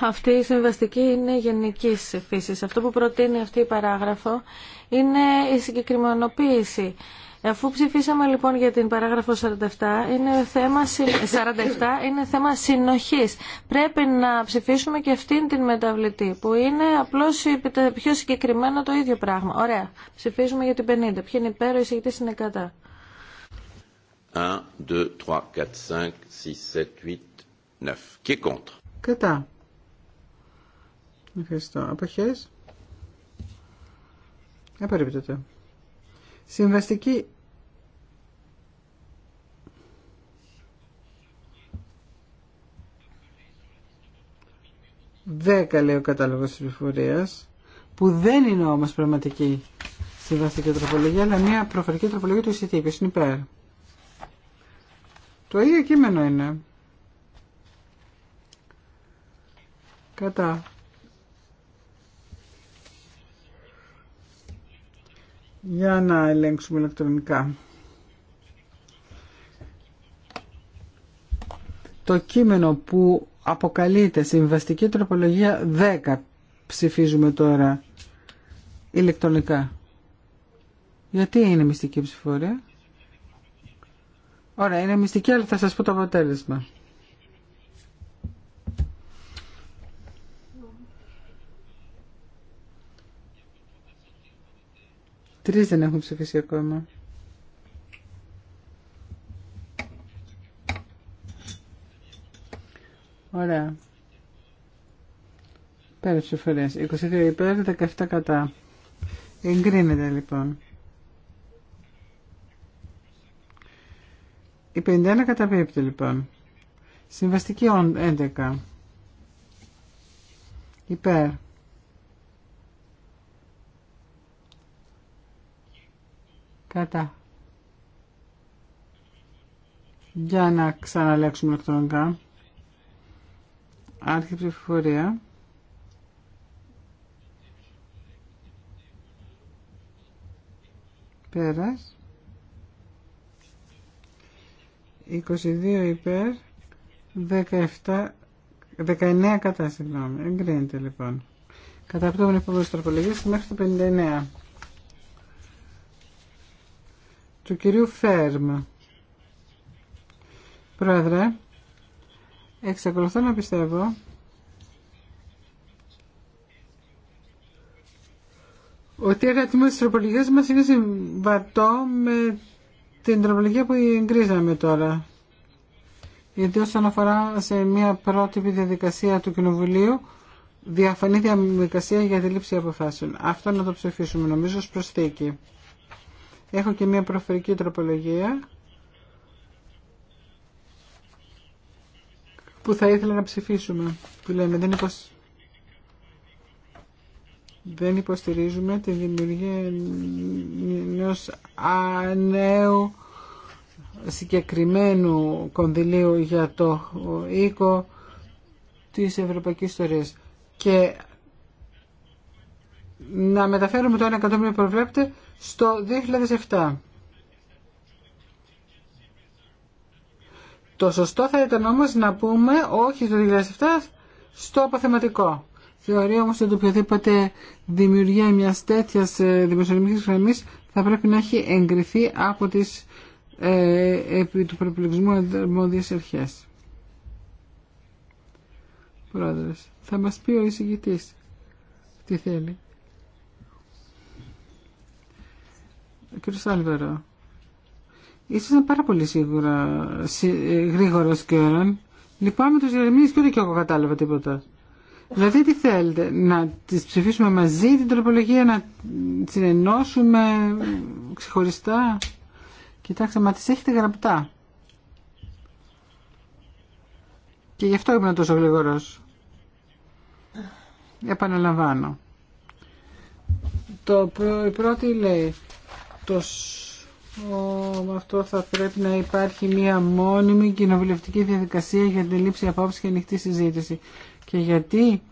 αυτή η συμβαστική είναι γενική φύση. Αυτό που προτείνει αυτή η παράγραφο είναι η συγκεκριμενοποίηση. Αφού ψηφίσαμε λοιπόν για την παράγραφο 47, είναι θέμα, 47 είναι θέμα συνοχής. Πρέπει να ψηφίσουμε και αυτήν την μεταβλητή, που είναι απλώς πιο συγκεκριμένα το ίδιο πράγμα. Ωραία. Ψηφίζουμε για την 50. Ποιοι είναι υπέρ, ο εισηγητής είναι κατά. 1, 2, 3, 4, 5, 6, 7, 8, 9. Qui est contre Κατά. Ευχαριστώ. Αποχές. Απορρίπτεται. Συμβαστική δέκα λέει ο κατάλογος της που δεν είναι όμως πραγματική συμβαστική τροπολογία αλλά μια προφορική τροπολογία του εισιτή ποιος είναι υπέρ το ίδιο κείμενο είναι κατά Για να ελέγξουμε ηλεκτρονικά. Το κείμενο που αποκαλείται συμβαστική τροπολογία 10 ψηφίζουμε τώρα ηλεκτρονικά. Γιατί είναι μυστική ψηφορία. Ωραία, είναι μυστική, αλλά θα σας πω το αποτέλεσμα. Τρεις δεν έχουν ψηφίσει ακόμα. Ωραία. Πέρα ψηφορίας. 22 υπέρ, 17 κατά. Εγκρίνεται λοιπόν. Η 51 καταπίπτει λοιπόν. Συμβαστική 11. Υπέρ. Κατά. Για να ξαναλέξουμε ηλεκτρονικά. Άρχη ψηφοφορία. Πέρας. 22 υπέρ, 17, 19 κατά, συγγνώμη. Εγκρίνεται λοιπόν. Κατά αυτό τροπολογίας μέχρι το 59 του κυρίου Φέρμ. Πρόεδρε, εξακολουθώ να πιστεύω ότι η αγαπημένη της τροπολογίας μας είναι συμβατό με την τροπολογία που εγκρίζαμε τώρα. Γιατί όσον αφορά σε μια πρότυπη διαδικασία του Κοινοβουλίου, διαφανή διαδικασία για τη λήψη αποφάσεων. Αυτό να το ψηφίσουμε νομίζω ως προσθήκη. Έχω και μια προφορική τροπολογία που θα ήθελα να ψηφίσουμε. Που λέμε δεν, υποσ... δεν υποστηρίζουμε τη δημιουργία ενό νέου συγκεκριμένου κονδυλίου για το οίκο της Ευρωπαϊκής Ιστορίας. Και να μεταφέρουμε το 1 που προβλέπτε στο 2007. Το σωστό θα ήταν όμως να πούμε όχι στο 2007 στο αποθεματικό. Θεωρεί όμως ότι οποιοδήποτε δημιουργία μιας τέτοιας ε, δημοσιονομικής γραμμής θα πρέπει να έχει εγκριθεί από τις ε, επί του προπληκτισμού αρμόδιες αρχές. θα μας πει ο εισηγητής τι θέλει. Κύριε Σάλβερο, ήσασταν πάρα πολύ σίγουρα, ε, γρήγορος όλων. Λυπάμαι τους Ιερεμίες και ούτε και εγώ κατάλαβα τίποτα. Δηλαδή τι θέλετε, να τις ψηφίσουμε μαζί την τροπολογία, να ενώσουμε ξεχωριστά. Κοιτάξτε, μα τις έχετε γραπτά. Και γι' αυτό ήμουν τόσο γρήγορο. Επαναλαμβάνω. Το, πρώτο λέει αυτό θα πρέπει να υπάρχει μια μόνιμη κοινοβουλευτική διαδικασία για την λήψη απόψη και ανοιχτή συζήτηση. Και γιατί,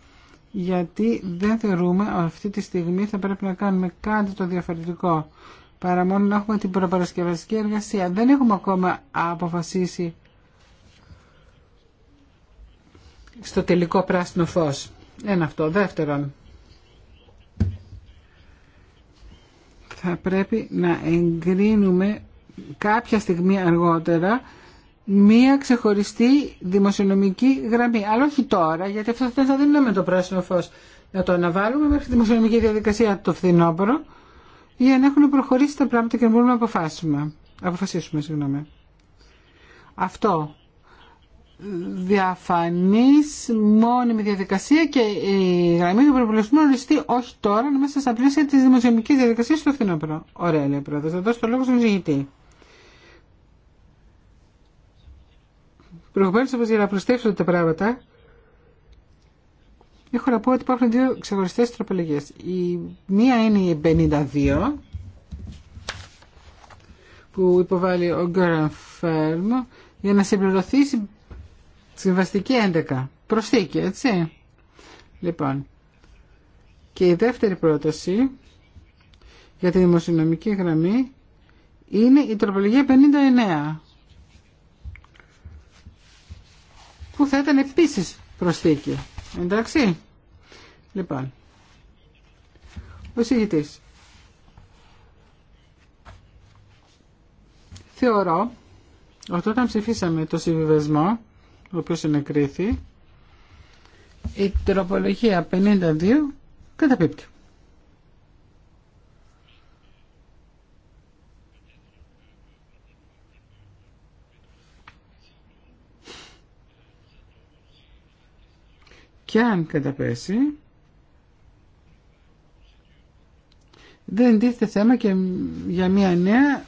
γιατί δεν θεωρούμε αυτή τη στιγμή θα πρέπει να κάνουμε κάτι το διαφορετικό. Παρά μόνο να έχουμε την προπαρασκευαστική εργασία. Δεν έχουμε ακόμα αποφασίσει στο τελικό πράσινο φως. Ένα αυτό. Δεύτερον, θα πρέπει να εγκρίνουμε κάποια στιγμή αργότερα μία ξεχωριστή δημοσιονομική γραμμή. Αλλά όχι τώρα, γιατί αυτό δεν θα δίνουμε το πράσινο φως. Να το αναβάλουμε μέχρι τη δημοσιονομική διαδικασία το φθινόπωρο για να έχουν προχωρήσει τα πράγματα και να μπορούμε να αποφάσουμε. αποφασίσουμε. Συγγνώμη. Αυτό διαφανή μόνιμη διαδικασία και η γραμμή του προπολογισμού οριστεί όχι τώρα, μέσα στα πλαίσια τη δημοσιονομική διαδικασία του φθινόπωρο. Ωραία, λέει ο Θα δώσω το λόγο στον ζητητή. Προηγουμένως, όπω για να προσθέσω τα πράγματα, έχω να πω ότι υπάρχουν δύο ξεχωριστέ τροπολογίε. Η μία είναι η 52, που υποβάλλει ο Γκέραν Φέρμ για να συμπληρωθεί Συμβαστική 11. Προσθήκη, έτσι. Λοιπόν. Και η δεύτερη πρόταση για τη δημοσιονομική γραμμή είναι η τροπολογία 59. Που θα ήταν επίσης προσθήκη. Εντάξει. Λοιπόν. Ο συγητής. Θεωρώ ότι όταν ψηφίσαμε το συμβιβασμό ο οποίος συνεκρίθη η τροπολογία 52 καταπίπτει. Και αν καταπέσει, δεν τίθεται θέμα και για μια νέα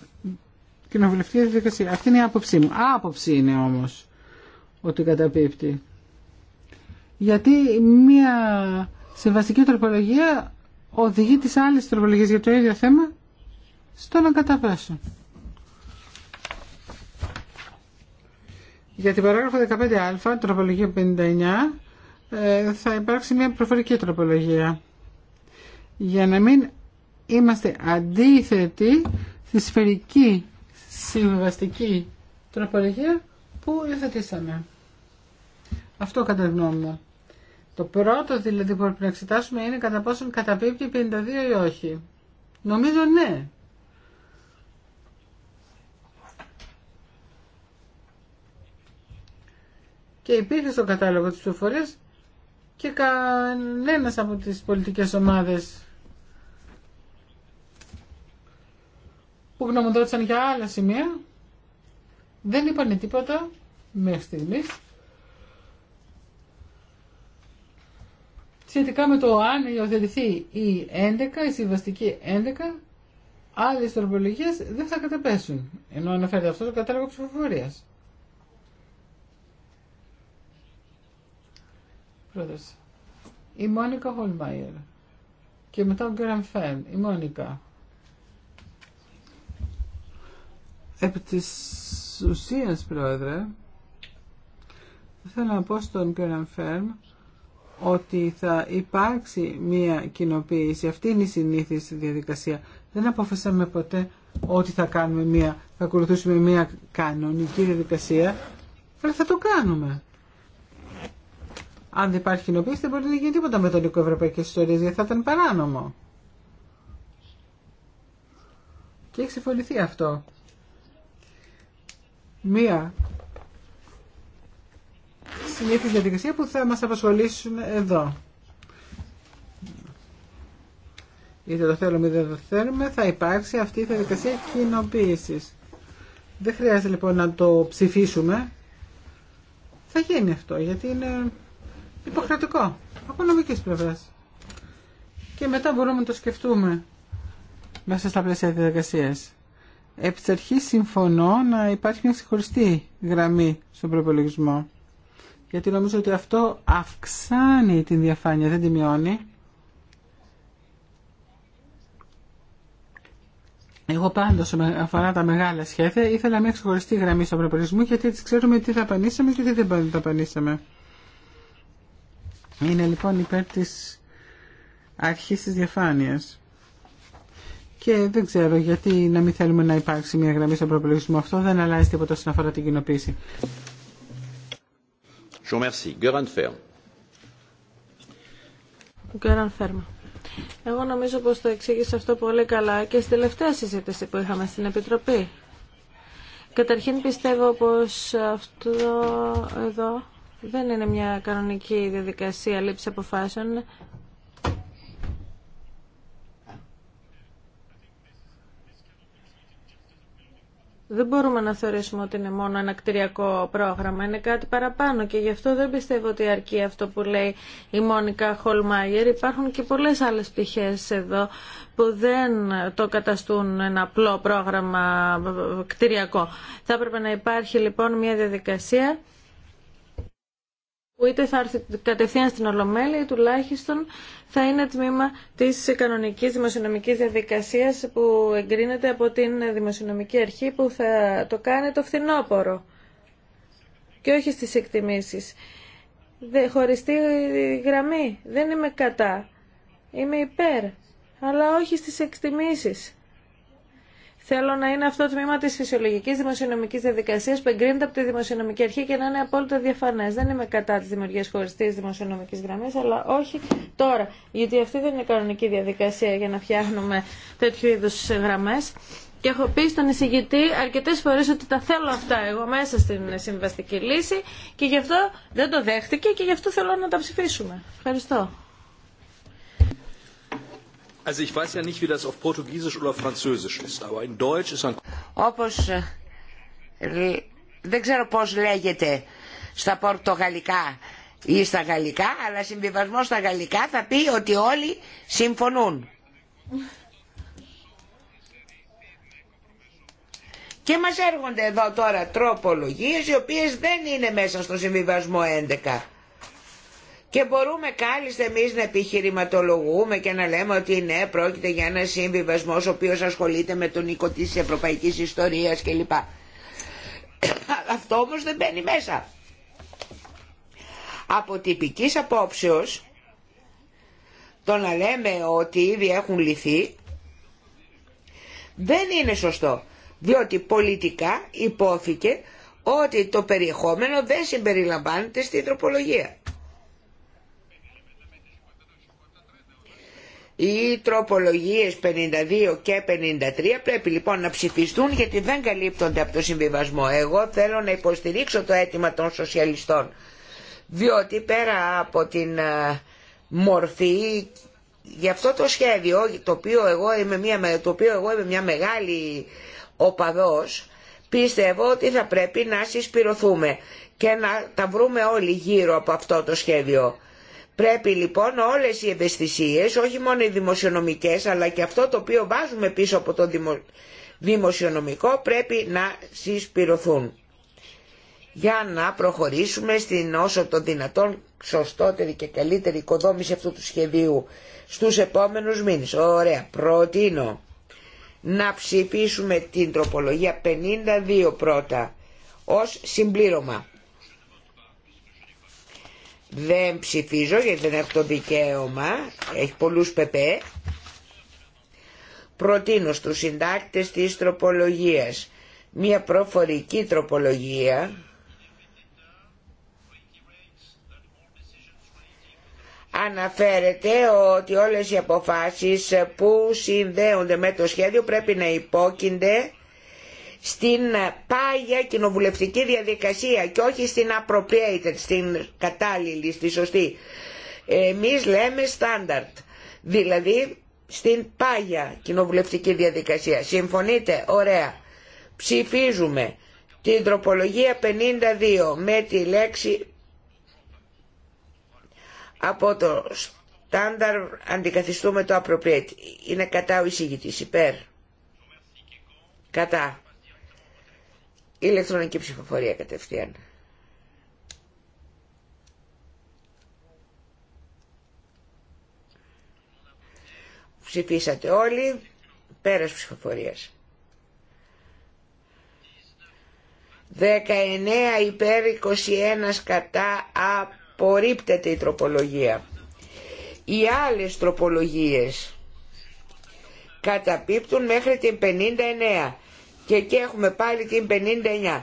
κοινοβουλευτική διαδικασία. Αυτή είναι η άποψή μου. Άποψη είναι όμως ότι καταπίπτει. Γιατί μία συμβαστική τροπολογία οδηγεί τις άλλες τροπολογίες για το ίδιο θέμα στο να καταπέσουν. Για την παράγραφο 15α, τροπολογία 59, ε, θα υπάρξει μια προφορική τροπολογία. Για να μην είμαστε αντίθετοι στη σφαιρική συμβαστική τροπολογία που υιοθετήσαμε. Αυτό κατά γνώμη μου. Το πρώτο δηλαδή που πρέπει να εξετάσουμε είναι κατά πόσον καταπίπτει 52 ή όχι. Νομίζω ναι. Και υπήρχε στο κατάλογο της ψηφοφορίας και κανένας από τις πολιτικές ομάδες που γνωμοδότησαν για άλλα σημεία δεν είπαν τίποτα μέχρι στιγμής σχετικά με το αν υιοθετηθεί η 11, η συμβαστική 11, άλλε τροπολογίες δεν θα καταπέσουν, ενώ αναφέρεται αυτό το κατάλογο ψηφοφορία. Πρώτος, η Μόνικα Χολμάιερ και μετά ο Γκέραν Φέν, η Μόνικα. Επί της ουσίας, Πρόεδρε, θέλω να πω στον Γκραμ Φέρμ ότι θα υπάρξει μία κοινοποίηση. Αυτή είναι η συνήθιση διαδικασία. Δεν αποφασίσαμε ποτέ ότι θα κάνουμε μία, θα ακολουθήσουμε μία κανονική διαδικασία, αλλά θα το κάνουμε. Αν δεν υπάρχει κοινοποίηση δεν μπορεί να γίνει τίποτα με τον Ευρωπαϊκή Ιστορία, γιατί θα ήταν παράνομο. Και έχει συμφωνηθεί αυτό. Μία συνήθεια διαδικασία που θα μας απασχολήσουν εδώ. Είτε το θέλουμε είτε το θέλουμε, θα υπάρξει αυτή η διαδικασία κοινοποίηση. Δεν χρειάζεται λοιπόν να το ψηφίσουμε. Θα γίνει αυτό, γιατί είναι υποχρεωτικό από νομικής πλευράς. Και μετά μπορούμε να το σκεφτούμε μέσα στα πλαίσια της συμφωνώ να υπάρχει μια ξεχωριστή γραμμή στον προπολογισμό γιατί νομίζω ότι αυτό αυξάνει την διαφάνεια, δεν τη μειώνει. Εγώ πάντως αφορά τα μεγάλα σχέδια ήθελα μια ξεχωριστή γραμμή στον προπονισμό, γιατί έτσι ξέρουμε τι θα πανίσαμε και τι δεν θα πανίσαμε. Είναι λοιπόν υπέρ της αρχής της διαφάνειας. Και δεν ξέρω γιατί να μην θέλουμε να υπάρξει μια γραμμή στον προπολογισμό. Αυτό δεν αλλάζει τίποτα όσον αφορά την κοινοποίηση. Je Εγώ νομίζω πως το εξήγησε αυτό πολύ καλά και στη τελευταία συζήτηση που είχαμε στην Επιτροπή. Καταρχήν πιστεύω πως αυτό εδώ δεν είναι μια κανονική διαδικασία λήψη αποφάσεων, δεν μπορούμε να θεωρήσουμε ότι είναι μόνο ένα κτηριακό πρόγραμμα, είναι κάτι παραπάνω και γι' αυτό δεν πιστεύω ότι αρκεί αυτό που λέει η Μόνικα Χολμάγερ. Υπάρχουν και πολλές άλλες πτυχές εδώ που δεν το καταστούν ένα απλό πρόγραμμα ε, ε, ε, κτηριακό. Θα έπρεπε να υπάρχει λοιπόν μια διαδικασία που είτε θα έρθει κατευθείαν στην Ολομέλεια ή τουλάχιστον θα είναι τμήμα της κανονικής δημοσιονομικής διαδικασίας που εγκρίνεται από την Δημοσιονομική Αρχή που θα το κάνει το φθινόπωρο και όχι στις εκτιμήσεις. χωριστή γραμμή. Δεν είμαι κατά. Είμαι υπέρ. Αλλά όχι στις εκτιμήσεις. Θέλω να είναι αυτό το τμήμα τη φυσιολογική δημοσιονομική διαδικασία που εγκρίνεται από τη δημοσιονομική αρχή και να είναι απόλυτα διαφανέ. Δεν είμαι κατά τη δημιουργία χωριστή δημοσιονομική γραμμή, αλλά όχι τώρα. Γιατί αυτή δεν είναι η κανονική διαδικασία για να φτιάχνουμε τέτοιου είδου γραμμέ. Και έχω πει στον εισηγητή αρκετέ φορέ ότι τα θέλω αυτά εγώ μέσα στην συμβαστική λύση και γι' αυτό δεν το δέχτηκε και γι' αυτό θέλω να τα ψηφίσουμε. Ευχαριστώ. Όπως... Δεν ξέρω πώς λέγεται στα πορτογαλικά ή στα γαλλικά, αλλά συμβιβασμό στα γαλλικά θα πει ότι όλοι συμφωνούν. Και μας έρχονται εδώ τώρα τροπολογίες οι οποίες δεν είναι μέσα στο συμβιβασμό 11. Και μπορούμε κάλλιστα εμείς να επιχειρηματολογούμε και να λέμε ότι ναι, πρόκειται για ένα συμβιβασμό ο οποίος ασχολείται με τον οίκο της ευρωπαϊκής ιστορίας κλπ. Αυτό όμως δεν μπαίνει μέσα. Από τυπικής απόψεως, το να λέμε ότι ήδη έχουν λυθεί, δεν είναι σωστό. Διότι πολιτικά υπόθηκε ότι το περιεχόμενο δεν συμπεριλαμβάνεται στην τροπολογία. Οι τροπολογίες 52 και 53 πρέπει λοιπόν να ψηφιστούν γιατί δεν καλύπτονται από το συμβιβασμό. Εγώ θέλω να υποστηρίξω το αίτημα των σοσιαλιστών διότι πέρα από την ε, μορφή γι' αυτό το σχέδιο το οποίο εγώ είμαι μια, το οποίο εγώ είμαι μια μεγάλη οπαδός πιστεύω ότι θα πρέπει να συσπηρωθούμε και να τα βρούμε όλοι γύρω από αυτό το σχέδιο Πρέπει λοιπόν όλες οι ευαισθησίες, όχι μόνο οι δημοσιονομικές, αλλά και αυτό το οποίο βάζουμε πίσω από το δημοσιονομικό, πρέπει να συσπηρωθούν για να προχωρήσουμε στην όσο το δυνατόν σωστότερη και καλύτερη οικοδόμηση αυτού του σχεδίου στους επόμενους μήνες. Ωραία, προτείνω να ψηφίσουμε την τροπολογία 52 πρώτα ως συμπλήρωμα. Δεν ψηφίζω γιατί δεν έχω το δικαίωμα, έχει πολλούς πεπέ. Προτείνω στους συντάκτες της τροπολογίας μία προφορική τροπολογία αναφέρεται ότι όλες οι αποφάσεις που συνδέονται με το σχέδιο πρέπει να υπόκεινται στην πάγια κοινοβουλευτική διαδικασία και όχι στην appropriated, στην κατάλληλη, στη σωστή. Εμείς λέμε standard, δηλαδή στην πάγια κοινοβουλευτική διαδικασία. Συμφωνείτε, ωραία. Ψηφίζουμε την τροπολογία 52 με τη λέξη από το standard αντικαθιστούμε το appropriate. Είναι κατά ο εισηγητής, υπέρ. Κατά ηλεκτρονική ψηφοφορία κατευθείαν. Ψηφίσατε όλοι, πέρας ψηφοφορίας. 19 υπέρ 21 κατά απορρίπτεται η τροπολογία. Οι άλλες τροπολογίες καταπίπτουν μέχρι την 59 και εκεί έχουμε πάλι την 59.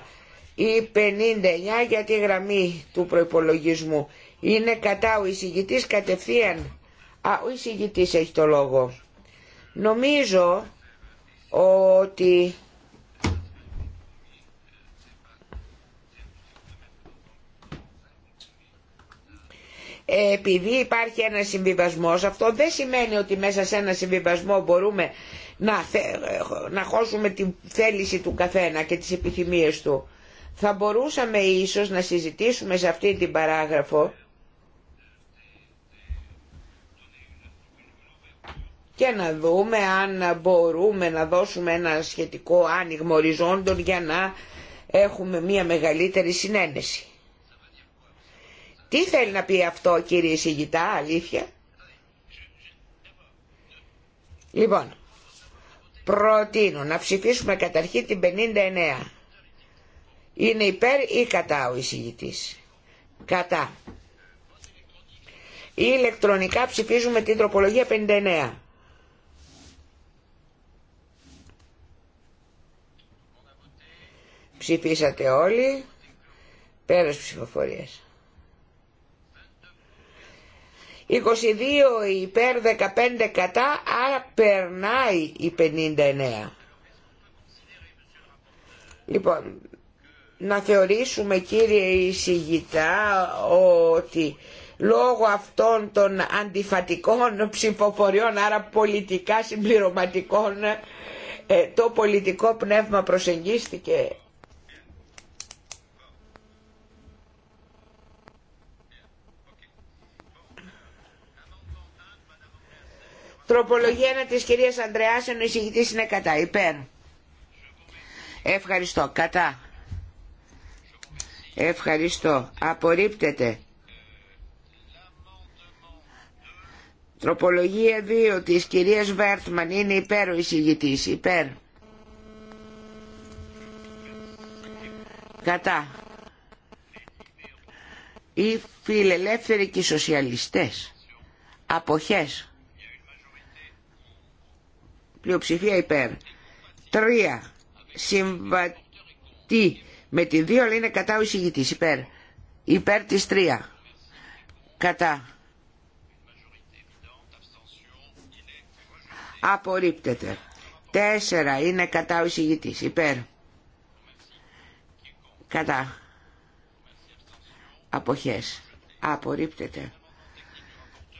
Η 59 για τη γραμμή του προϋπολογισμού. Είναι κατά ο εισηγητής κατευθείαν. Α, ο εισηγητής έχει το λόγο. Νομίζω ότι... επειδή υπάρχει ένα συμβιβασμός, αυτό δεν σημαίνει ότι μέσα σε ένα συμβιβασμό μπορούμε να, να χώσουμε τη θέληση του καθένα και τις επιθυμίες του. Θα μπορούσαμε ίσως να συζητήσουμε σε αυτή την παράγραφο και να δούμε αν μπορούμε να δώσουμε ένα σχετικό άνοιγμα οριζόντων για να έχουμε μια μεγαλύτερη συνένεση. Τι θέλει να πει αυτό κύριε Σιγητά, αλήθεια. Λοιπόν, Προτείνω να ψηφίσουμε καταρχήν την 59. Είναι υπέρ ή κατά ο εισηγητής. Κατά. Ή ηλεκτρονικά ψηφίζουμε την τροπολογία 59. Ψηφίσατε όλοι. Πέρας ψηφοφορίας. 22 υπέρ 15 κατά, άρα περνάει η 59. Λοιπόν, να θεωρήσουμε κύριε εισηγητά ότι λόγω αυτών των αντιφατικών ψηφοφοριών, άρα πολιτικά συμπληρωματικών, ε, το πολιτικό πνεύμα προσεγγίστηκε Τροπολογία 1 της κυρίας ενώ ο εισηγητής είναι κατά, υπέρ. Ευχαριστώ, κατά. Ευχαριστώ, απορρίπτεται. Τροπολογία 2 της κυρίας Βέρτμαν είναι υπέρ ο εισηγητής, υπέρ. Κατά. Οι φιλελεύθεροι και οι σοσιαλιστές. Αποχές πλειοψηφία υπέρ. τρία συμβατή με τη δύο αλλά είναι κατά ο εισηγητής υπέρ. Υπέρ της τρία Κατά. Απορρίπτεται. τέσσερα είναι κατά ο εισηγητής υπέρ. Κατά. Αποχές. Απορρίπτεται.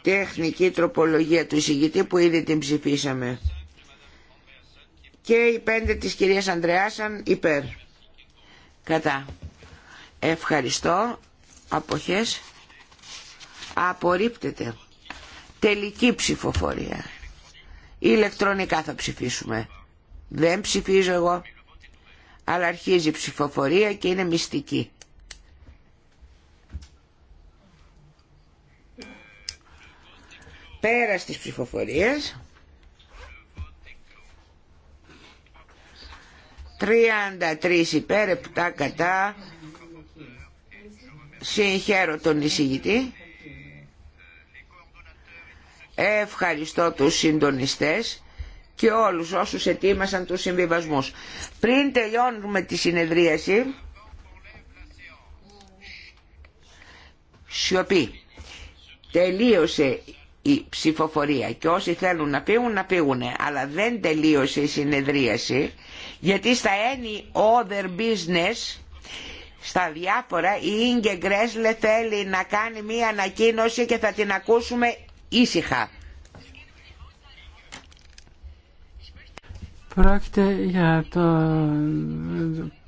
Τεχνική τροπολογία του εισηγητή που ήδη την ψηφίσαμε και οι πέντε της κυρίας Ανδρεάσαν υπέρ. Κατά. Ευχαριστώ. Αποχές. Απορρίπτεται. Τελική ψηφοφορία. Ηλεκτρονικά θα ψηφίσουμε. Δεν ψηφίζω εγώ. Αλλά αρχίζει η ψηφοφορία και είναι μυστική. Πέρα στις ψηφοφορίες. 33 υπέρ κατά συγχαίρω τον εισηγητή ευχαριστώ τους συντονιστές και όλους όσους ετοίμασαν τους συμβιβασμούς πριν τελειώνουμε τη συνεδρίαση σιωπή τελείωσε η ψηφοφορία και όσοι θέλουν να πήγουν να πήγουν. αλλά δεν τελείωσε η συνεδρίαση γιατί στα any other business στα διάφορα η Ίγκε Γκρέσλε θέλει να κάνει μία ανακοίνωση και θα την ακούσουμε ήσυχα. Πρόκειται για το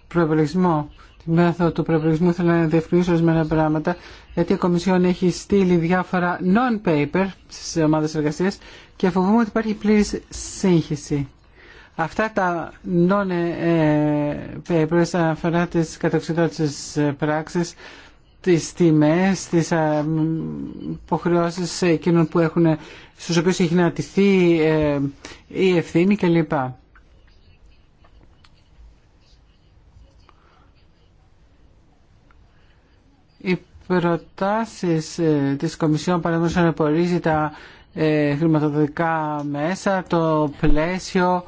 προεπολογισμό. Τη μέθοδο του προεπολογισμού θέλω να διευκρινίσω ορισμένα πράγματα, γιατί η Κομισιόν έχει στείλει διάφορα non-paper στι ομάδε εργασία και φοβούμαι ότι υπάρχει πλήρη σύγχυση. Αυτά τα νόνε ε, ε, papers αφορά τις πράξεις, τις τιμές, τις υποχρεώσεις εκείνων που έχουν, στους οποίους έχει να τηθεί ε, η ευθύνη κλπ. Οι προτάσεις της Κομισιόν να αναπορίζει τα χρηματοδοτικά μέσα, το πλαίσιο,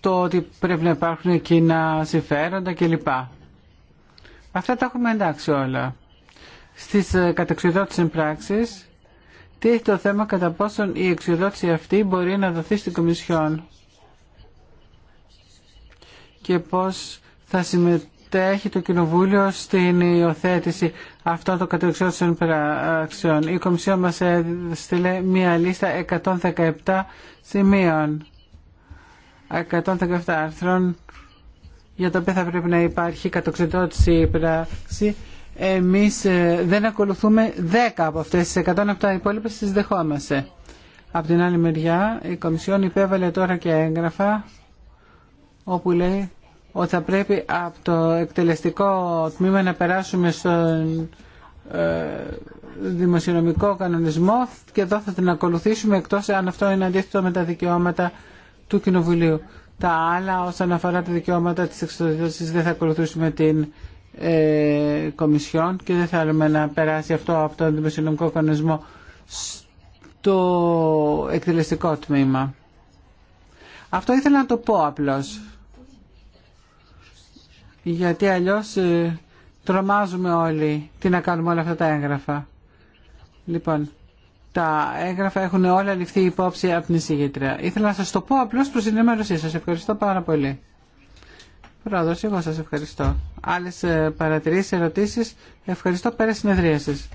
το ότι πρέπει να υπάρχουν κοινά συμφέροντα κλπ. Αυτά τα έχουμε εντάξει όλα. Στις εν πράξεις, τι έχει το θέμα κατά πόσον η εξοδότηση αυτή μπορεί να δοθεί στην Κομισιόν και πώς θα συμμετέχει το Κοινοβούλιο στην υιοθέτηση αυτών των κατεξιώσεων πράξεων. Η Κομισιόν μας έστειλε μία λίστα 117 σημείων 117 άρθρων για τα οποία θα πρέπει να υπάρχει κατοξιδότηση πράξη. Εμείς ε, δεν ακολουθούμε 10 από αυτές απο 107 υπόλοιπες τις δεχόμαστε. Από την άλλη μεριά η Κομισιόν υπέβαλε τώρα και έγγραφα όπου λέει ότι θα πρέπει από το εκτελεστικό τμήμα να περάσουμε στον ε, δημοσιονομικό κανονισμό και εδώ θα την ακολουθήσουμε εκτός αν αυτό είναι αντίθετο με τα δικαιώματα του Κοινοβουλίου. Τα άλλα όσον αφορά τα δικαιώματα της εξοδότησης δεν θα ακολουθήσουμε την ε, Κομισιόν και δεν θέλουμε να περάσει αυτό από τον δημοσιονομικό κανονισμό στο εκτελεστικό τμήμα. Αυτό ήθελα να το πω απλώς. Γιατί αλλιώς ε, τρομάζουμε όλοι τι να κάνουμε όλα αυτά τα έγγραφα. Λοιπόν, τα έγγραφα έχουν όλα ληφθεί υπόψη από την εισηγήτρια. Ήθελα να σα το πω απλώ προ την ενημέρωσή Σα Ευχαριστώ πάρα πολύ. Πρόεδρο, εγώ σας ευχαριστώ. Άλλε ε, παρατηρήσεις, ερωτήσεις. Ευχαριστώ πέρα συνεδρίασης.